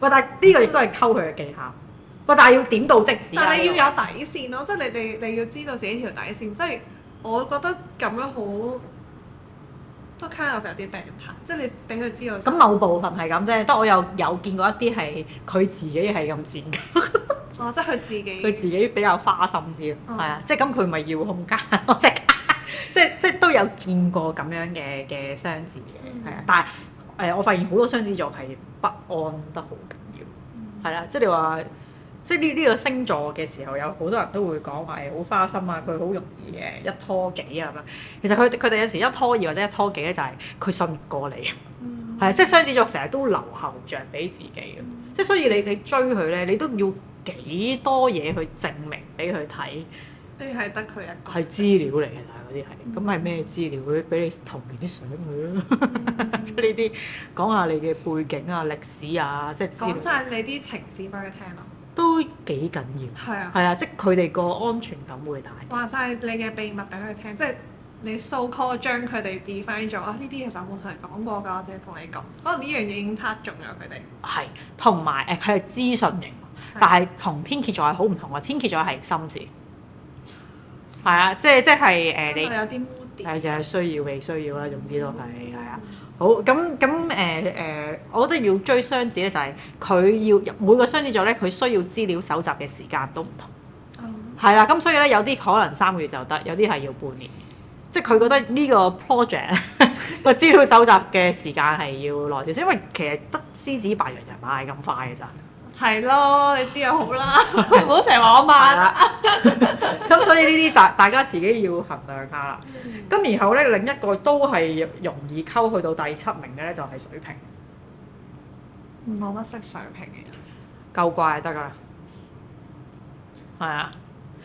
喂 但係呢個亦都係溝佢嘅技巧。喂，但係要點到即止啊。但係你要有底線咯，即係 你你你要知道自己條底線。即係我覺得咁樣好都 kind of 有啲病態。即係你俾佢知道。咁某部分係咁啫，但我又有，有見過一啲係佢自己係咁賤㗎 哦，即係佢自己。佢自己比較花心啲，係、嗯、啊，即係咁佢唔咪要空間。即 我立刻笑即係即係都有見過咁樣嘅嘅雙子嘅，係啊、mm hmm.，但係誒、呃，我發現好多雙子座係不安得好緊要，係啦、mm hmm.，即係你話即係呢呢個星座嘅時候，有好多人都會講話好花心啊，佢好容易嘅，一拖幾啊咁樣。其實佢佢哋有時一拖二或者一拖幾咧，就係、是、佢信唔過你，係啊、mm hmm.，即係雙子座成日都留後着俾自己嘅，mm hmm. 即係所以你你追佢咧，你都要幾多嘢去證明俾佢睇。都係得佢一個係資料嚟㗎，嗰啲係咁係咩資料？佢俾你童年啲相佢咯，即係呢啲講下你嘅背景啊、歷史啊，即係講晒你啲情史俾佢聽咯，都幾緊要係啊，係啊，即係佢哋個安全感會大話晒你嘅秘密俾佢聽，即係你 so call 將佢哋 define 咗呢啲，其實我冇同人講過㗎，我淨係同你講，可能呢樣嘢已經 touch 咗佢哋係同埋誒，佢係資訊型，但係同天蠍座係好唔同啊。天蠍座係心事。係啊，即係即係誒你，係就係需要未需要啦，總之都係係啊。好，咁咁誒誒，我覺得要追雙子咧，就係、是、佢要每個雙子座咧，佢需要資料搜集嘅時間都唔同。哦、嗯，係啦，咁所以咧有啲可能三個月就得，有啲係要半年。即係佢覺得呢個 project 個資、嗯、 料搜集嘅時間係要耐少少， 因為其實得獅子白羊人馬咁快嘅咋。係咯，你知又好啦，唔好成日話我慢啦了。咁 所以呢啲大大家自己要衡量下啦。咁、嗯、然後咧，另一個都係容易溝去到，到第七名嘅咧，就係、是、水瓶。冇乜識水瓶嘅人，夠怪得噶啦。係 啊，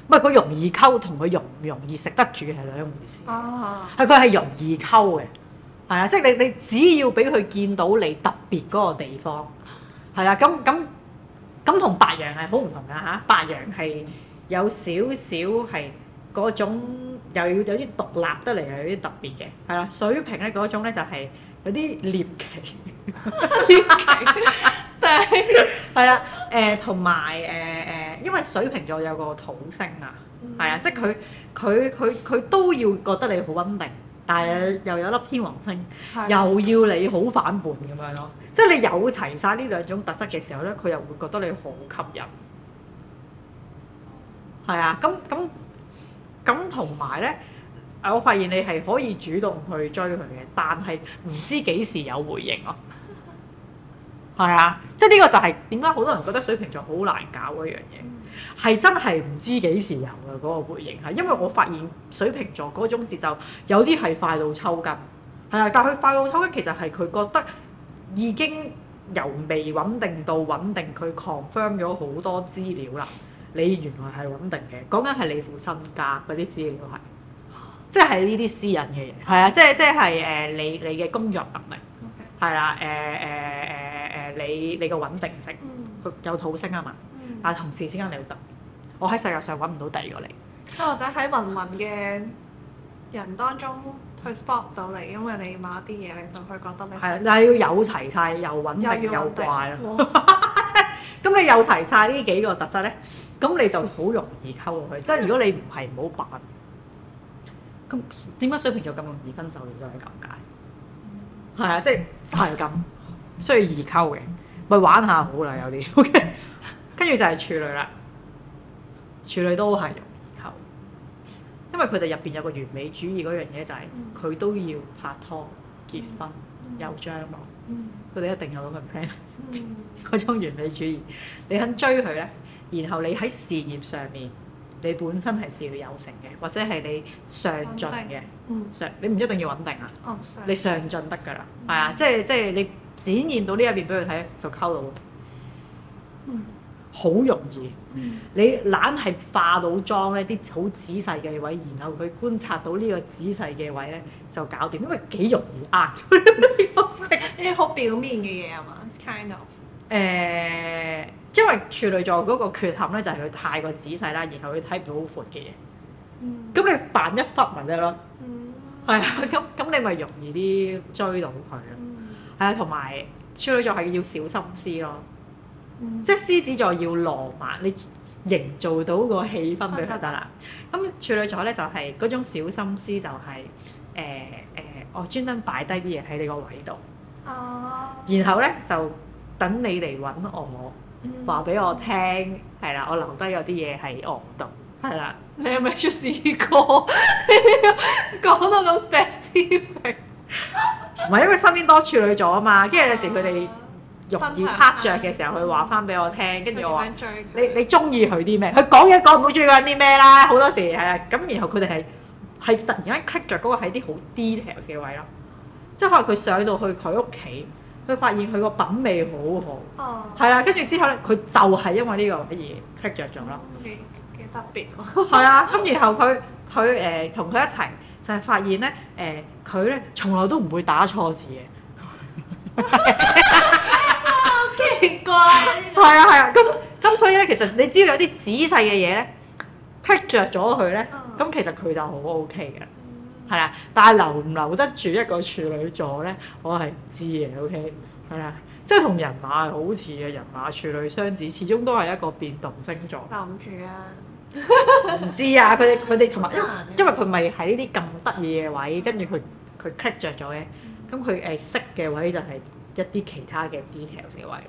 唔係佢容易溝，同佢容唔容易食得住係兩回事。哦。係佢係容易溝嘅，係啊，即係你你只要俾佢見到你特別嗰個地方，係啦、啊，咁咁。咁同白羊係好唔同㗎吓，白羊係有少少係嗰種又要有啲獨立得嚟又有啲特別嘅，係啦。水瓶咧嗰種咧就係有啲獵奇，但係係啦，誒同埋誒誒，因為水瓶座有個土星啊，係啊，即係佢佢佢佢都要覺得你好穩定。但係又有粒天王星，的又要你好反叛咁樣咯，即係你有齊晒呢兩種特質嘅時候呢，佢又會覺得你好吸引，係啊，咁咁同埋呢，我發現你係可以主動去追佢嘅，但係唔知幾時有回應咯。係啊，即係呢個就係點解好多人覺得水瓶座好難搞嗰樣嘢，係、嗯、真係唔知幾時有嘅嗰、嗰個回應係，因為我發現水瓶座嗰種節奏，有啲係快到抽筋，係啊，但係佢快到抽筋其實係佢覺得已經由未穩定到穩定，佢 confirm 咗好多資料啦。你原來係穩定嘅，講緊係你副身家嗰啲資料係，即係呢啲私人嘅嘢，係啊，即係即係誒、呃，你你嘅工作能力，係啦、啊，誒誒誒。呃呃呃你你個穩定性，佢、嗯、有土星啊嘛，嗯、但同時之間你好特別，我喺世界上揾唔到第二個你。即或者喺芸芸嘅人當中去 spot 到你，因為你買一啲嘢令到佢覺得你係啊、嗯，但係要有齊晒，又穩定又怪咯。咁 你有齊晒呢幾個特質咧，咁你就好容易溝到佢。嗯、即係如果你唔係唔好辦。咁點解水瓶又咁容易分手嘅真係咁解？係啊、嗯，即係就係、是、咁。 需要易溝嘅，咪、嗯、玩下好啦。有啲，OK，跟住就係處女啦。處女都係容易溝，因為佢哋入邊有個完美主義嗰樣嘢就係佢都要拍拖、結婚、嗯、有將來、嗯。佢哋一定有到個 plan。嗰種完美主義，你肯追佢咧，然後你喺事業上面，你本身係事業有成嘅，或者係你上進嘅，上、um, 你唔一定要穩定啊，你上進得㗎啦，係啊，即係即係你。展現到呢一邊俾佢睇，就溝到。好、嗯、容易。嗯、你懶係化到妝咧，啲好仔細嘅位，然後佢觀察到呢個仔細嘅位咧，就搞掂。因為幾容易啊！呢、哎、好 表面嘅嘢係嘛？Kind of。誒、呃，因為處女座嗰個缺陷咧，就係佢太過仔細啦，然後佢睇唔到好闊嘅嘢。嗯。咁你扮一忽咪得咯。嗯。係啊， 咁咁你咪容易啲追到佢咯。嗯。係啊，同埋處女座係要小心思咯，嗯、即係獅子座要浪漫，你營造到個氣氛俾佢得啦。咁、嗯、處女座咧就係、係、嗰種小心思、就係，就係誒誒，我專登擺低啲嘢喺你個位度，哦，然後咧就等你嚟揾我，話俾、嗯、我聽，係啦，我留低有啲嘢喺我度，係啦， 你係咪出事過講到咁 specific？唔係 因為身邊多處女座啊嘛，跟住有陣時佢哋容易 click 着嘅時候，佢話翻俾我聽，跟住我話你你中意佢啲咩？佢講嘢講唔會中意佢啲咩啦，好多時係啊。咁然後佢哋係係突然間 click 著嗰個喺啲好 detail 嘅位咯，即係可能佢上到去佢屋企，佢發現佢個品味好好，係啦，跟住之後咧，佢就係因為呢個位而 click 着咗咯。幾特別係啊！咁然後佢佢誒同佢一齊。就係發現咧，誒佢咧從來都唔會打錯字嘅，好奇怪！係啊係啊，咁咁所以咧，其實你只要有啲仔細嘅嘢咧，踢着咗佢咧，咁其實佢就好 O K 嘅，係啊、嗯。但係留唔留得住一個處女座咧，我係知嘅，O K，係啊。即係同人馬係好似嘅，人馬處女雙子始終都係一個變動星座，諗住啊！唔 知啊！佢哋佢哋同埋，因為因為佢咪喺呢啲咁得意嘅位，跟住佢佢 click 著咗嘅，咁佢誒識嘅位就係一啲其他嘅 detail 嘅位咯。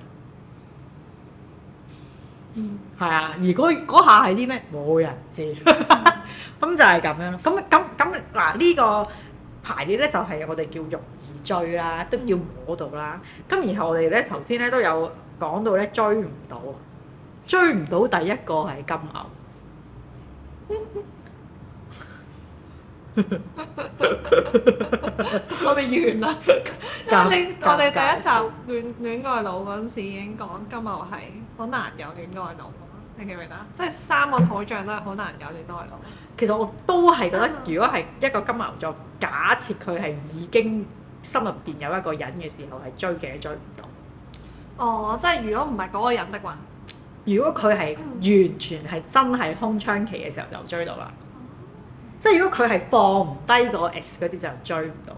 嗯，係啊，如果嗰下係啲咩？冇人知，咁、 嗯、就係、是、咁樣咯。咁咁咁嗱呢個排列咧，就係、是、我哋叫容易追啦、啊，都叫摸到啦。咁然後我哋咧頭先咧都有講到咧追唔到，追唔到第一個係金牛。我未完啊！你我哋第一集戀戀愛腦嗰陣時已經講金牛係好難有戀愛腦嘅，你記唔記得？即係三個土象都係好難有戀愛腦。其實我都係覺得，如果係一個金牛座，假設佢係已經心入邊有一個人嘅時候，係追其實追唔到。哦，即係如果唔係嗰個人的話。如果佢係完全係真係空窗期嘅時候就追到啦，即係如果佢係放唔低個 X 嗰啲就追唔到，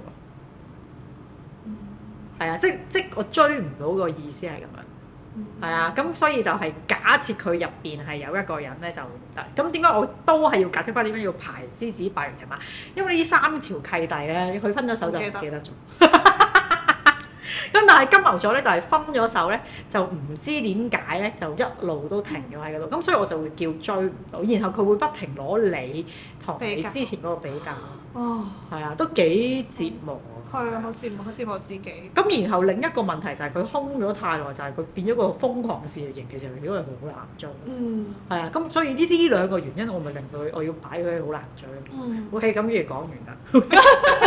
係啊、嗯，即即我追唔到個意思係咁樣，係啊、嗯，咁所以就係假設佢入邊係有一個人咧就唔得，咁點解我都係要解釋翻點解要排獅子幣係嘛？因為呢三條契弟咧，佢分咗手就唔記得咗。 咁但係金牛座咧就係分咗手咧，就唔知點解咧，就一路都停咗喺嗰度。咁所以我就會叫追唔到，然後佢會不停攞你同你之前嗰個比較。哦！係啊，都幾折磨啊！係啊，好折磨好折磨我自己。咁然後另一個問題就係佢空咗太耐，就係佢變咗個瘋狂事業型，其實佢好難追。嗯。係啊，咁所以呢啲兩個原因，我咪令到我要擺佢好難追。嗯。我係咁嘅講完啦，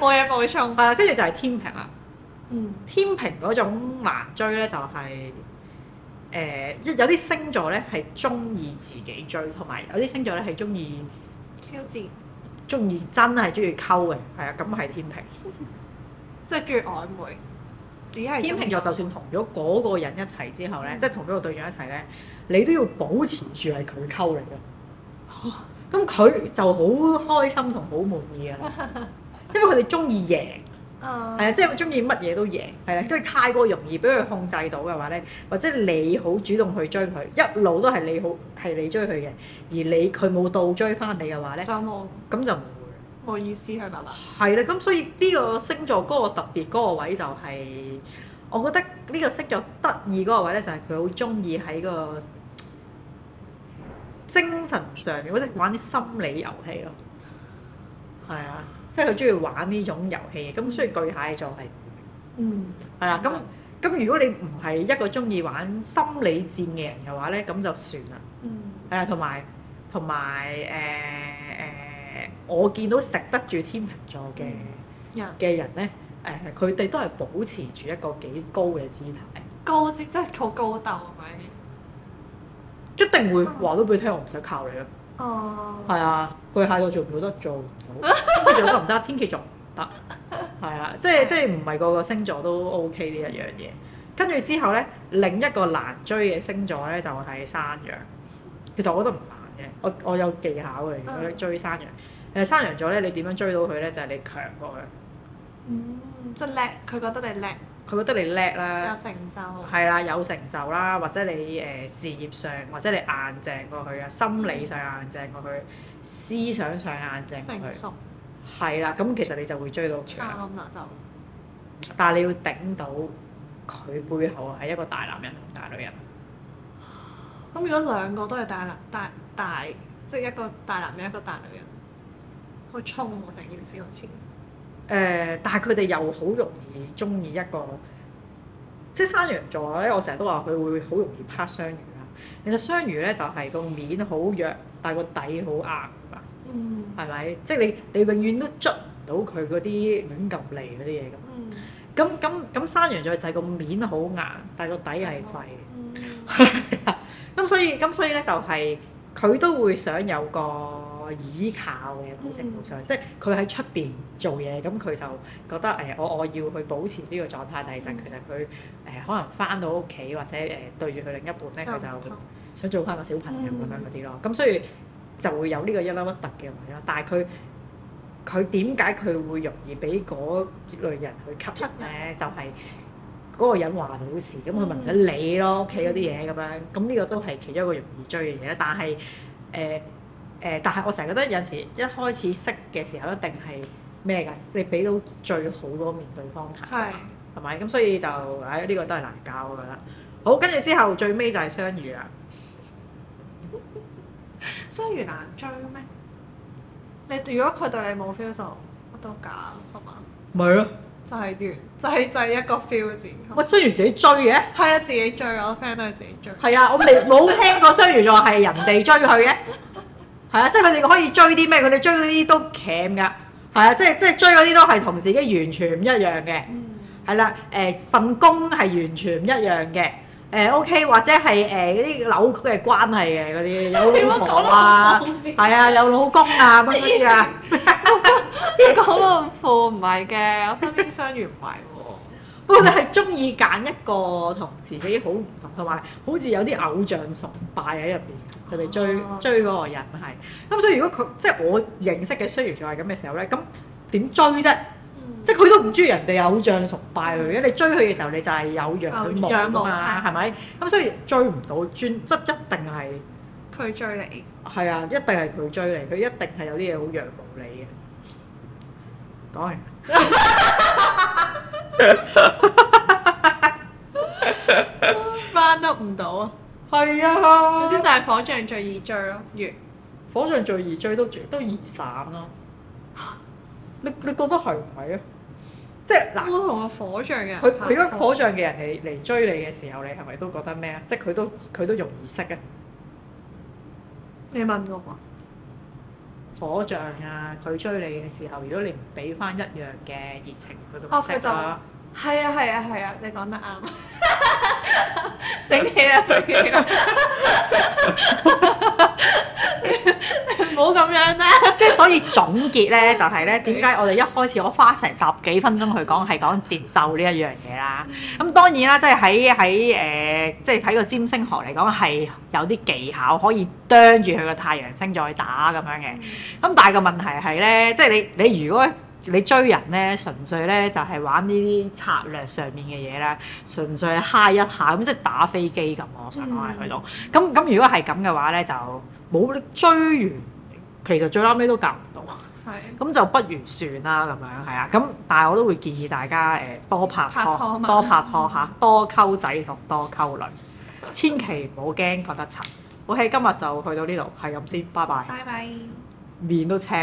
冇嘢補充。係啊，跟住就係天秤啦。嗯、天秤嗰種難追咧，就係、是、誒、呃，有啲星座咧係中意自己追，同埋有啲星座咧係中意挑戰，中意真係中意溝嘅，係啊，咁係天秤， 即係中意曖昧。只係天秤座就算同咗嗰個人一齊之後咧，嗯、即係同咗個對象一齊咧，你都要保持住係佢溝嚟嘅。咁佢、哦、就好開心同好滿意㗎喇，因為佢哋中意贏。啊，係啊，uh，即係中意乜嘢都贏，係啦，即係太過容易俾佢控制到嘅話咧，或者你好主動去追佢，一路都係你好係你追佢嘅，而你佢冇倒追翻你嘅話咧，咁 So，就唔會冇意思係咪啊？係啦，咁所以呢個星座嗰個特別嗰個位就係、是，我覺得呢個星座得意嗰個位咧就係佢好中意喺個精神上面，或者玩啲心理遊戲咯，係啊。即係佢中意玩呢種遊戲，咁雖然巨蟹座係，嗯，係啦，咁咁如果你唔係一個中意玩心理戰嘅人嘅話咧，咁就算啦。嗯，係啦，同埋同埋誒誒，我見到食得住天秤座嘅人嘅人咧，誒佢哋都係保持住一個幾高嘅姿態。高姿即係好高鬥，係咪先？一定會話到俾你聽，我唔使靠你啦。哦，係啊、oh.，巨蟹座做唔做得，做佢做得唔得，天蠍座做唔得，係啊， 即係即係唔係個個星座都 OK 呢一樣嘢。跟、嗯、住之後咧，另一個難追嘅星座咧就係、是、山羊。其實我覺得唔難嘅，我我有技巧嘅，我、uh. 追山羊。誒，山羊座咧，你點樣追到佢咧？就係、是、你強過佢。嗯，即係叻，佢覺得你叻。佢覺得你叻啦，有成就，係啦，有成就啦，或者你誒、呃、事業上或者你硬正過佢啊，心理上硬正過佢，嗯、思想上硬正過佢，成熟係啦，咁其實你就會追到佢。啦就熟，但係你要頂到佢背後係一個大男人同大女人。咁如果兩個都係大男大大，即係、就是、一個大男人一個大女人，好衝喎，成件事好似。誒、呃，但係佢哋又好容易中意一個，即係山羊座咧。我成日都話佢會好容易拍雙魚啦。其實雙魚咧就係個面好弱，但係個底好硬㗎。嗯，係咪？即係你你永遠都捉唔到佢嗰啲亂咁嚟嗰啲嘢咁。咁咁咁山羊座就係個面好硬，但係個底係廢。嗯，咁 所以咁所以咧就係佢都會想有個。依靠嘅好成好衰，即係佢喺出邊做嘢，咁佢、嗯、就覺得誒，我、呃、我要去保持呢個狀態。但其實其實佢誒可能翻到屋企或者誒、呃、對住佢另一半咧，佢就想做翻個小朋友咁樣嗰啲咯。咁所以就會有呢個一凹一凸嘅位咯。但係佢佢點解佢會容易俾嗰類人去吸引咧？人就係嗰個人話好事，咁佢咪唔使理咯，屋企嗰啲嘢咁樣。咁呢、嗯嗯、個都係其中一個容易追嘅嘢。但係誒。呃呃誒，但係我成日覺得有陣時一開始識嘅時候一定係咩㗎？你俾到最好嗰個面對方睇，係咪咁？所以就誒呢、哎這個都係難搞。我覺得。好，跟住之後最尾就係雙魚啊！雙魚難追咩？你如果佢對你冇 feel 就乜都假係嘛？咪囉就係完就係就係一個 feel 字。喂，雙魚、啊、自己追嘅？係啊，自己追，我 friend 都係自己追。係 啊，我未冇聽過雙魚仲係人哋追佢嘅。 係啊，即係佢哋可以追啲咩？佢哋追嗰啲都僢㗎，係啊，即係即係追嗰啲都係同自己完全唔一樣嘅，係啦、嗯，誒、呃、份工係完全唔一樣嘅，誒、呃、OK，或者係誒嗰啲扭曲嘅關係嘅嗰啲有老婆啊，係啊， 有老公啊乜乜啊，你講到咁富？唔係嘅，我身邊雙魚唔係。我就係中意揀一個同自己好唔同，同埋好似有啲偶像崇拜喺入邊，佢哋追追嗰個人係。咁、嗯、所以如果佢即係我認識嘅雖然仲係咁嘅時候咧，咁點追啫？嗯、即係佢都唔中意人哋偶像崇拜佢嘅，嗯、你追佢嘅時候，你就係有仰慕啊，係咪？咁、嗯、所以追唔到專，即一定係佢追你。係啊，一定係佢追你，佢一定係有啲嘢好仰慕你嘅。講完。 翻得唔到啊！係啊，總之就係火象最易追咯。亦 Yeah. 火象最易追都都易散咯，啊。 你你覺得係唔係啊？ 即係嗱，我同個火象嘅，佢佢如果火象嘅人嚟嚟追你嘅時候，你係咪都覺得咩啊？即係佢都佢都容易識啊？你問我。火象啊，佢追你嘅時候，如果你唔俾翻一樣嘅熱情，佢咁識啦。哦，係啊係啊係啊，你講得啱。 醒起啦！醒起啦！唔好咁樣啦、啊！即係所以總結咧，就係、是、咧，點解了我哋一開始我花成十幾分鐘去講，係講節奏呢一樣嘢啦。咁、嗯、當然啦，即係喺喺誒，即係喺個占星學嚟講，係有啲技巧可以啄住佢個太陽星再打咁樣嘅。咁、嗯、但係個問題係咧，即、就、係、是、你你如果。你追人咧，純粹咧就係、是、玩呢啲策略上面嘅嘢咧，純粹嗨一下咁，即係打飛機咁我想講係去到。咁咁、嗯、如果係咁嘅話咧，就冇追完，其實最撈尾都及唔到。係。咁就不如算啦，咁樣係啊。咁但係我都會建議大家誒、呃、多拍拖，拍拖多拍拖吓，多溝仔同多溝女，千祈唔好驚覺得醜。OK，今日就去到呢度，係咁先，拜拜。拜拜。面都青。